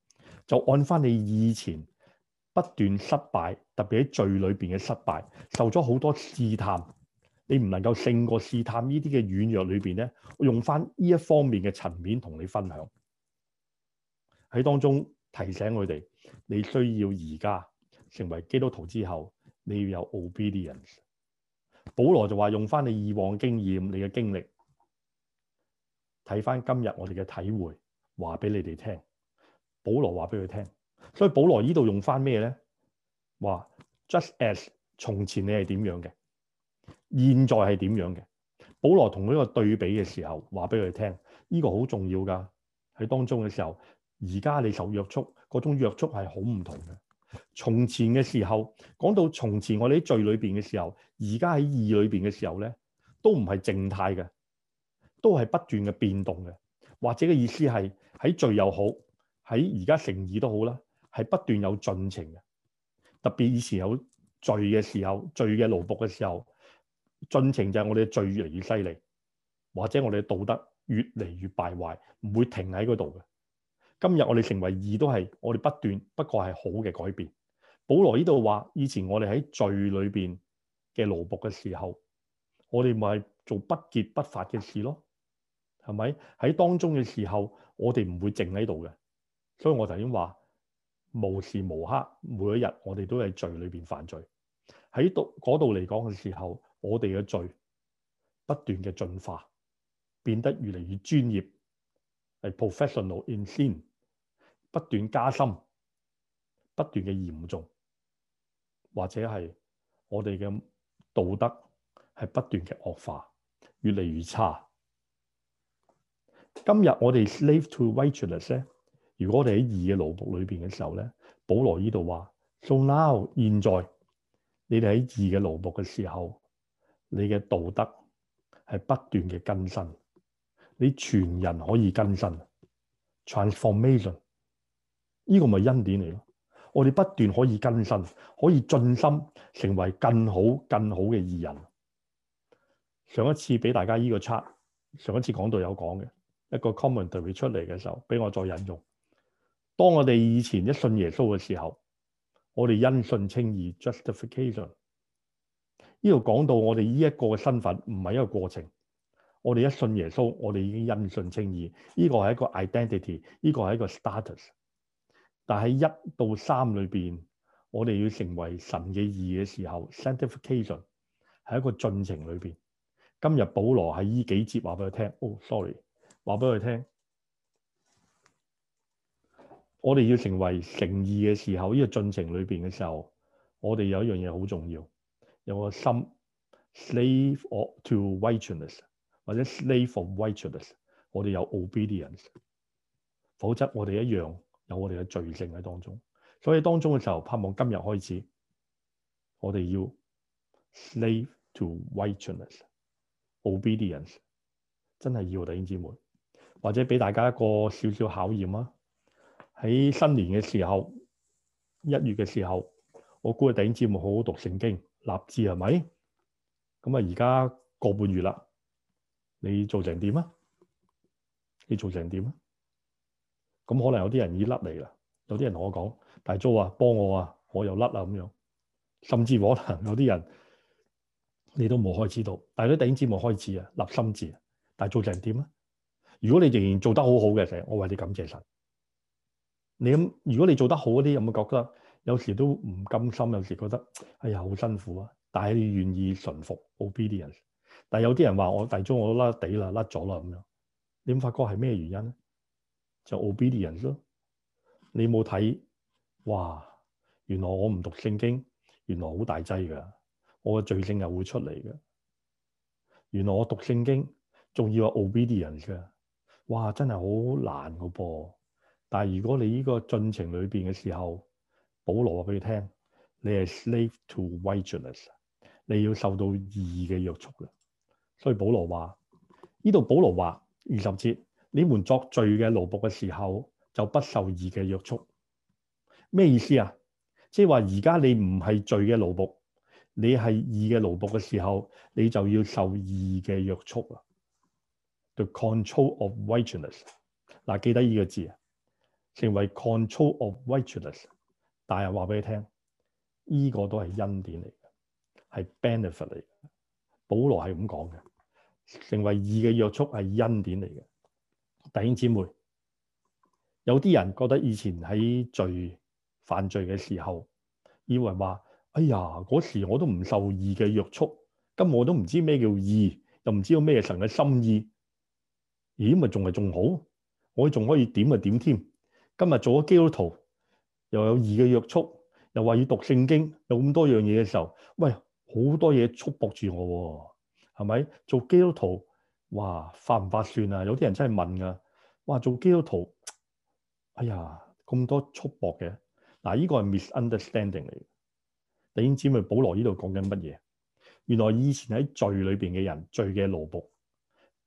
就按翻你以前不斷失敗，特別喺罪裏邊嘅失敗，受咗好多試探。你唔能夠勝過試探呢啲嘅軟弱裏邊咧，我用翻呢一方面嘅層面同你分享，喺當中提醒佢哋，你需要而家成為基督徒之後，你要有 obedience。保羅就話用翻你以往經驗、你嘅經歷，睇翻今日我哋嘅體會，話俾你哋聽。保羅話俾佢聽，所以保羅呢度用翻咩咧？話 just as 從前你係點樣嘅。現在係點樣嘅？保羅同呢一個對比嘅時候，話俾佢哋聽，呢個好重要噶。喺當中嘅時候，而家你受約束，嗰種約束係好唔同嘅。從前嘅時候，講到從前我哋喺罪裏邊嘅時候，而家喺義裏邊嘅時候咧，都唔係靜態嘅，都係不斷嘅變動嘅。或者嘅意思係喺罪又好，喺而家成義都好啦，係不斷有進程嘅。特別以前有罪嘅時候，罪嘅奴僕嘅時候。盡情就係我哋嘅罪越嚟越犀利，或者我哋嘅道德越嚟越敗壞，唔會停喺嗰度嘅。今日我哋成為義都係我哋不斷，不過係好嘅改變。保羅呢度話，以前我哋喺罪裏邊嘅奴僕嘅時候，我哋咪做不潔不法嘅事咯，係咪？喺當中嘅時候，我哋唔會靜喺度嘅。所以我頭先話無時無刻每一日我哋都係罪裏邊犯罪喺度嗰度嚟講嘅時候。我哋嘅罪不斷嘅進化，變得越嚟越專業，係 professional in sin，不斷加深，不斷嘅嚴重，或者係我哋嘅道德係不斷嘅惡化，越嚟越差。今日我哋 slave to righteousness 咧。如果我哋喺義嘅奴僕裏邊嘅時候咧，保羅呢度話，so now 現在你哋喺義嘅奴僕嘅時候。你嘅道德係不斷嘅更新，你全人可以更新。Transformation 呢個咪恩典嚟咯，我哋不斷可以更新，可以盡心成為更好、更好嘅義人。上一次俾大家呢個 c 上一次講到有講嘅一個 commentary 出嚟嘅時候，俾我再引用。當我哋以前一信耶穌嘅時候，我哋因信稱義，justification。Just 呢度講到我哋呢一個嘅身份唔係一個過程，我哋一信耶穌，我哋已經因信稱義。呢個係一個 identity，呢個係一個 status。但喺一到三裏邊，我哋要成為神嘅義嘅時候，sanctification 係一個進程裏邊。今日保羅喺呢幾節話俾佢聽，哦，sorry，話俾佢聽，我哋要成為成義嘅時候，呢個進程裏邊嘅時候，我哋有一樣嘢好重要。有個心 slave to righteousness，或者 slave of righteousness，我哋有 obedience，否則我哋一樣有我哋嘅罪性喺當中。所以當中嘅時候，盼望今日開始，我哋要 slave to righteousness，obedience，真係要弟兄姊妹，或者俾大家一個少少考驗啊！喺新年嘅時候，一月嘅時候，我估佢弟兄姊妹好好讀聖經。立志係咪？咁啊，而家個半月啦，你做成點啊？你做成點啊？咁可能有啲人已經甩嚟啦，有啲人同我講：大租啊，幫我啊，我又甩啦咁樣。甚至可能有啲人你都冇開始到，但係都頂住冇開始啊，立心志。但係做成點啊？如果你仍然做得好好嘅，我為你感謝神。你咁，如果你做得好嗰啲，有冇覺得？有時都唔甘心，有時覺得哎呀好辛苦啊！但你願意順服 obedience。但有啲人話我大中我都甩地啦，甩咗啦咁樣。你們發覺係咩原因呢？就 obedience 咯。你冇睇哇？原來我唔讀聖經，原來好大劑噶，我嘅罪性又會出嚟嘅。原來我讀聖經仲要話 obedience 嘅，哇！真係好難個、啊、噃。但係如果你呢個進程裏面嘅時候，保羅話俾佢聽，你係 slave to righteousness 你要受到義嘅約束嘅。所以保羅話呢度保羅話二十節，你們作罪嘅奴僕嘅時候就不受義嘅約束。咩意思啊？即係話而家你唔係罪嘅奴僕，你係義嘅奴僕嘅時候，你就要受義嘅約束啊。The control of righteousness 嗱記得呢個字啊，成為 control of righteousness。但係話俾你聽，呢、這個都係恩典嚟嘅，係 benefit 嚟嘅。保羅係咁講嘅，成為義嘅約束係恩典嚟嘅。弟兄姊妹，有啲人覺得以前喺罪犯罪嘅時候，以為話，哎呀，嗰時我都唔受義嘅約束，今我都唔知咩叫義，又唔知道咩神嘅心意。咦？咪仲係仲好，我仲可以點就點添。今日做咗基督徒。又有義嘅約束，又話要讀聖經，有咁多樣嘢嘅時候，喂，好多嘢束縛住我喎，係咪？做基督徒，哇，發唔發算啊？有啲人真係問噶、啊，哇，做基督徒，哎呀，咁多束縛嘅，嗱，呢個係 misunderstanding 嚟嘅。弟兄姊妹，保羅呢度講緊乜嘢？原來以前喺罪裏邊嘅人，罪嘅奴僕，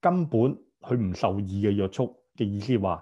根本佢唔受義嘅約束嘅意思話。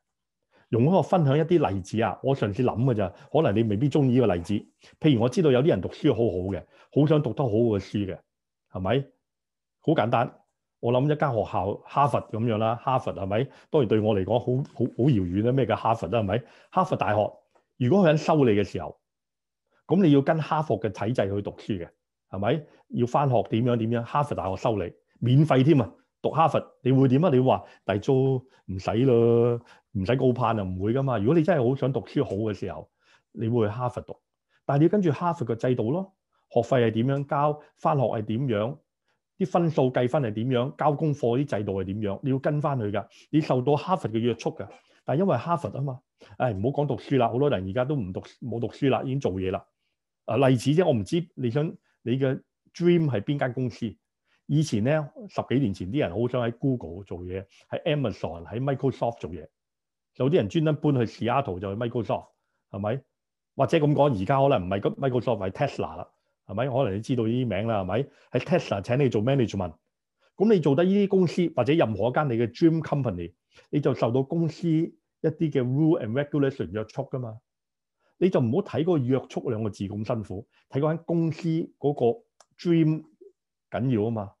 用我分享一啲例子啊，我上次諗嘅啫，可能你未必中意呢個例子。譬如我知道有啲人讀書好好嘅，好想讀得好好嘅書嘅，係咪？好簡單，我諗一間學校哈佛咁樣啦，哈佛係咪？當然對我嚟講好好好遙遠啦，咩叫哈佛啦係咪？哈佛大學，如果佢肯收你嘅時候，咁你要跟哈佛嘅體制去讀書嘅，係咪？要返學點樣點樣？哈佛大學收你，免費添啊！讀哈佛你會點啊？你會話大租唔使咯，唔使高攀啊，唔會噶嘛。如果你真係好想讀書好嘅時候，你會去哈佛讀。但係你要跟住哈佛嘅制度咯，學費係點樣交，翻學係點樣，啲分數計分係點樣，交功課啲制度係點樣，你要跟翻去噶。你受到哈佛嘅約束噶。但係因為哈佛啊嘛，唉唔好講讀書啦，好多人而家都唔讀冇讀書啦，已經做嘢啦。啊例子啫，我唔知你想你嘅 dream 係邊間公司。以前咧，十幾年前啲人好想喺 Google 做嘢，喺 Amazon 喺 Microsoft 做嘢，有啲人專登搬去 Seattle 就去 Microsoft，係咪？或者咁講，而家可能唔係 Microsoft，係 Tesla 啦，係咪？可能你知道呢啲名啦，係咪？喺 Tesla 請你做 management，咁你做得呢啲公司或者任何一間你嘅 dream company，你就受到公司一啲嘅 rule and regulation 約束㗎嘛，你就唔好睇嗰個約束兩個字咁辛苦，睇嗰間公司嗰個 dream 緊要啊嘛～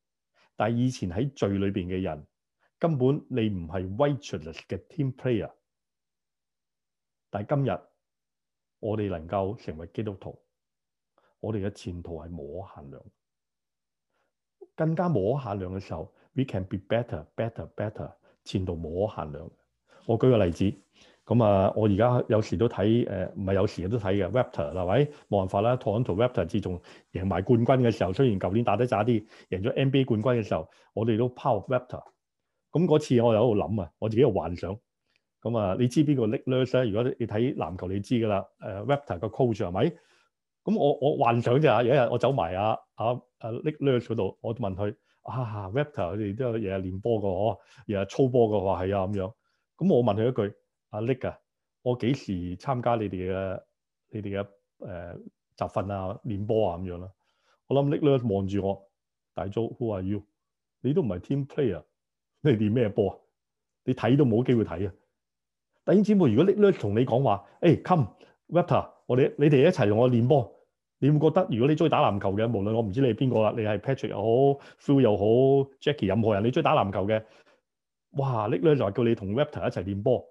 但以前喺罪裏面嘅人，根本你唔係威權 ist 嘅 team player。但今日我哋能夠成為基督徒，我哋嘅前途係無可限量的，更加無可限量嘅時候，we can be better, better, better。前途無可限量。我舉個例子。咁啊，我而家有時都睇，誒唔係有時都睇嘅 Raptor 係咪？冇辦法啦，Toronto Raptors 自從贏埋冠軍嘅時候，雖然舊年打得渣啲，贏咗 NBA 冠軍嘅時候，我哋都 Power Raptor。咁嗰次我有喺度諗啊，我自己有幻想。咁啊，你知邊個 LeBron 咧？如果你睇籃球你，你知㗎啦。誒 Raptor 個 coach 係咪？咁我我幻想啫嚇。有一日我走埋阿阿阿 LeBron 嗰度，我都問佢：啊，Raptor 佢哋都日日練波㗎呵，日日操波㗎話係啊咁樣。咁啊，我問佢一句。阿 Nick 啊，我幾時參加你哋嘅你哋嘅誒集訓啊、練波啊咁樣咯？我諗 Nick 咧望住我，大 jo，who are you？你都唔係 team player，你練咩波啊？你睇都冇機會睇啊！突然之，妹，如果 Nick 咧同你講話，誒、欸，come wapper，我哋你哋一齊同我練波，你會覺得如果你中意打籃球嘅，無論我唔知你係邊個啦，你係 Patrick 又好，Phil 又好 j a c k i e 任何人你中意打籃球嘅，哇，Nick 咧就叫你同 wapper 一齊練波。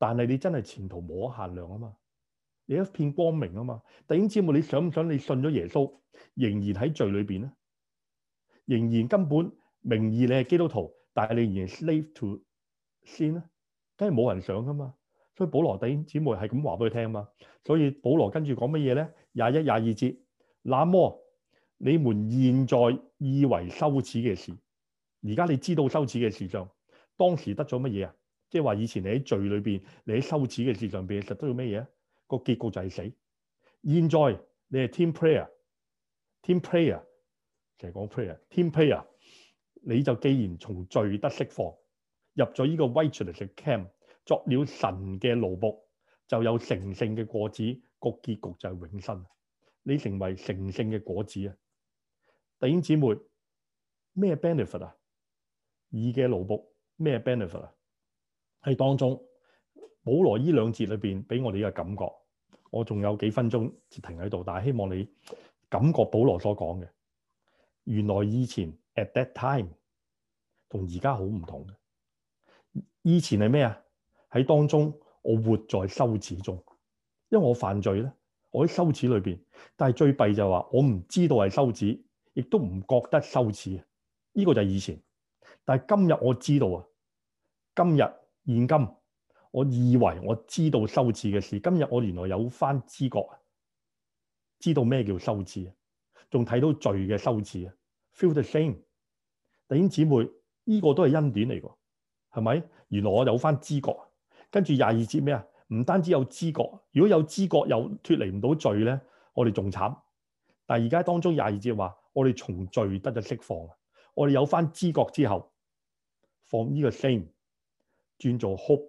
但係你真係前途冇限量啊嘛，你一片光明啊嘛。弟兄姐妹，你想唔想你信咗耶穌，仍然喺罪裏邊咧，仍然根本名義你係基督徒，但係你仍然 slave to sin 咧，梗係冇人想噶嘛。所以保羅弟兄姐妹係咁話俾佢聽啊嘛。所以保羅跟住講乜嘢咧？廿一廿二節，那麼你們現在以為羞恥嘅事，而家你知道羞恥嘅事上，當時得咗乜嘢啊？即係話以前你喺罪裏邊，你喺羞恥嘅事上邊，實都要咩嘢啊？個結局就係死。現在你係 team player，team player，其實講 player，team player，你就既然從罪得釋放，入咗呢個 righteousness 嘅 camp，作了神嘅奴僕，就有成聖嘅果子。個結局就係永生。你成為成聖嘅果子啊！弟兄姊妹，咩 benefit 啊？義嘅奴僕咩 benefit 啊？喺當中，保羅呢兩節裏邊俾我哋嘅感覺。我仲有幾分鐘停喺度，但係希望你感覺保羅所講嘅，原來以前 at that time 同而家好唔同嘅。以前係咩啊？喺當中我活在羞恥中，因為我犯罪咧，我喺羞恥裏邊。但係最弊就係話我唔知道係羞恥，亦都唔覺得羞恥。呢個就係以前，但係今日我知道啊，今日。現今，我以為我知道羞恥嘅事，今日我原來有翻知覺，知道咩叫羞恥，仲睇到罪嘅羞恥啊，feel the shame。弟兄姊妹，呢個都係恩典嚟噶，係咪？原來我有翻知覺，跟住廿二節咩啊？唔單止有知覺，如果有知覺又脫離唔到罪咧，我哋仲慘。但係而家當中廿二節話，我哋從罪得咗釋放，我哋有翻知覺之後，放呢個 same。轉做 hope，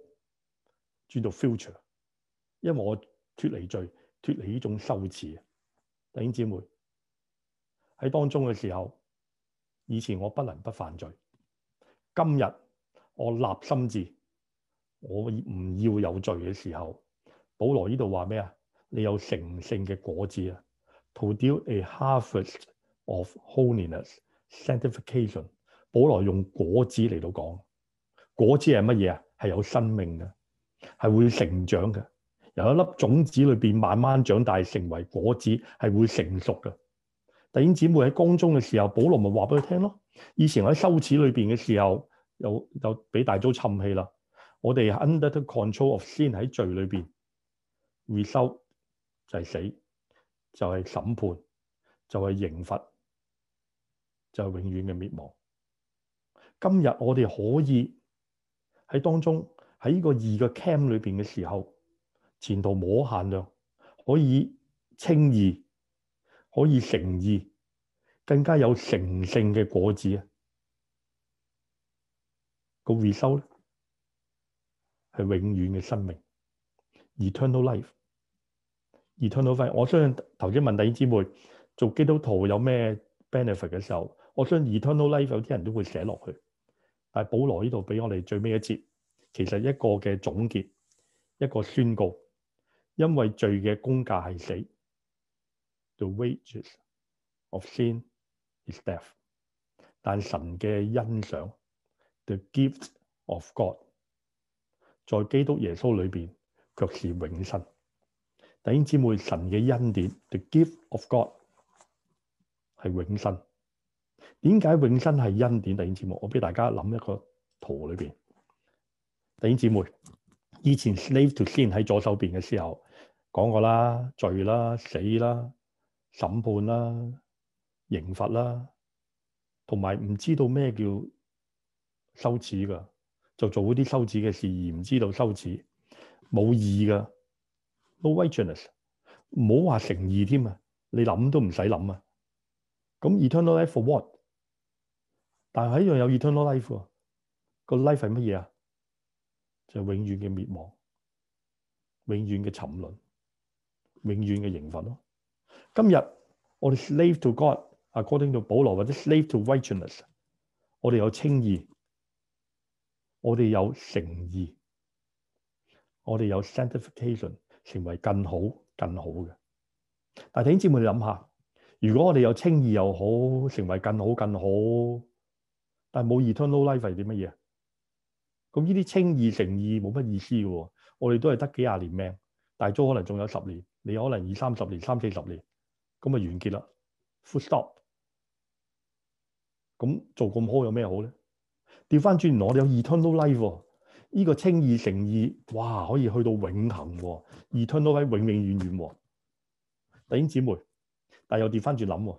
轉到 future，因為我脫離罪，脫離呢種羞恥啊！弟兄姐妹喺當中嘅時候，以前我不能不犯罪，今日我立心志，我唔要有罪嘅時候，保羅呢度話咩啊？你有成聖嘅果子啊！To deal a harvest of holiness, sanctification。保羅用果子嚟到講果子係乜嘢啊？係有生命嘅，係會成長嘅，由一粒種子裏邊慢慢長大，成為果子，係會成熟嘅。弟兄姊妹喺宮中嘅時候，保羅咪話俾佢聽咯。以前我喺羞恥裏邊嘅時候，又又俾大組氹氣啦。我哋 under the control of sin，喺罪裏邊 result 就係死，就係審判，就係刑罰，就係永遠嘅滅亡。今日我哋可以。喺當中喺呢個二嘅 cam 裏面嘅時候，前途無限量，可以輕易，可以誠意，更加有成聖嘅果子啊！那個 result 呢，係永遠嘅生命，eternal life，eternal life。Life. 我相信頭先問弟兄姊妹做基督徒有咩 benefit 嘅時候，我相信 eternal life 有啲人都會寫落去。但保羅呢度俾我哋最尾一節，其實一個嘅總結，一個宣告，因為罪嘅工價係死，the wages of sin is death。但神嘅恩賜，the gift of God，在基督耶穌裏面，卻是永生。弟兄姊妹，神嘅恩典，the gift of God，係永生。點解永生係恩典？弟兄姊妹，我俾大家諗一個圖裏邊。弟兄姊妹，以前 slave to sin 喺左手邊嘅時候講過啦，罪啦、死啦、審判啦、刑罰啦，同埋唔知道咩叫羞恥噶，就做嗰啲羞恥嘅事而唔知道羞恥，冇義噶，no wages，唔好話誠意添啊，你諗都唔使諗啊。咁 eternal life for what？但係一樣有 eternal life 個 life 係乜嘢啊？就、永遠嘅滅亡、永遠嘅沉淪、永遠嘅刑罰咯。今日我哋 slave to God according to 保羅，或者 slave to righteousness 我哋有稱義，我哋有誠意，我哋有，有 sanctification，成為更好更好嘅。但弟兄姐妹你諗下，如果我哋有稱義又好，成為更好更好。但係冇 eternal life 係啲乜嘢？咁呢啲清二成二冇乜意思嘅、哦，我哋都係得幾廿年命，大咗可能仲有十年，你可能二三十年、三四十年，咁啊完結啦。full stop。咁做咁好有咩好咧？調翻轉，我哋有 eternal life，呢個清二成二，哇，可以去到永恆喎、哦，eternal life 永永遠遠喎。弟兄姊妹，但係又調翻轉諗。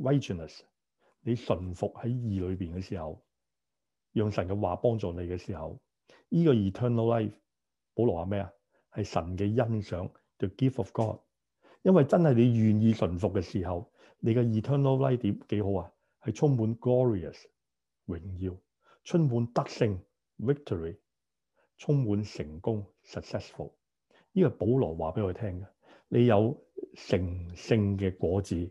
威、right、你順服喺意裏邊嘅時候，讓神嘅話幫助你嘅時候，呢、這個 eternal life，保羅話咩啊？係神嘅欣賞，the gift of God。因為真係你願意順服嘅時候，你嘅 eternal life 點幾好啊？係充滿 glorious 榮耀，充滿得勝 victory，充滿成功 successful。呢個保羅話俾我聽嘅，你有成聖嘅果子。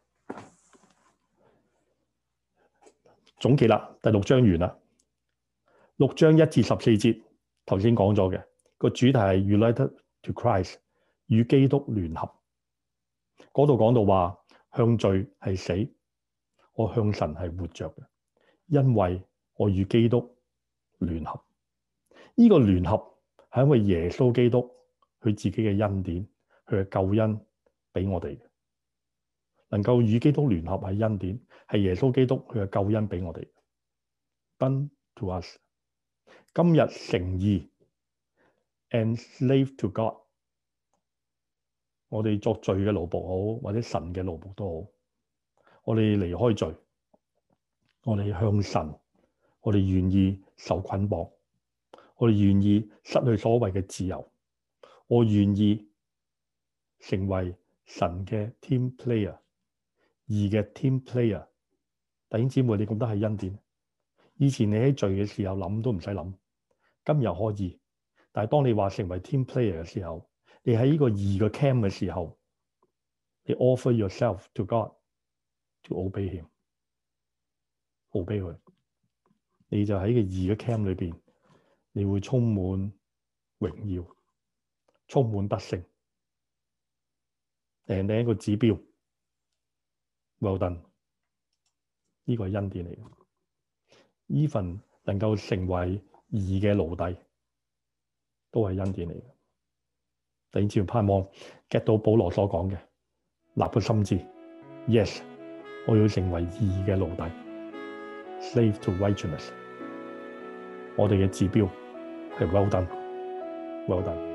總結啦，第六章完啦。六章一至十四節，頭先講咗嘅個主題係 United to Christ，與基督聯合。嗰度講到話，向罪係死，我向神係活着嘅，因為我與基督聯合。呢、這個聯合係因為耶穌基督，佢自己嘅恩典，佢嘅救恩俾我哋。能夠與基督聯合係恩典，係耶穌基督佢嘅救恩俾我哋。Bring to us 今日誠意 and slave to God。我哋作罪嘅奴僕好，或者神嘅奴僕都好。我哋離開罪，我哋向神，我哋願意受捆綁，我哋願意失去所謂嘅自由，我願意成為神嘅 team player。二嘅 team player，弟兄姊妹，你覺得係恩典？以前你喺罪嘅時候諗都唔使諗，今日可以。但係當你話成為 team player 嘅時候，你喺呢個二嘅 camp 嘅時候，你 offer yourself to God，to obey him，obey 佢 him，你就喺個二嘅 camp 裏邊，你會充滿榮耀，充滿德性。誒，呢一個指標。Well done，呢個係恩典嚟嘅，呢份能夠成為義嘅奴隸，都係恩典嚟嘅。你只盼望 get 到保羅所講嘅，立個心志，yes，我要成為義嘅奴隸 slave to righteousness，我哋嘅指標係 Well done，Well done。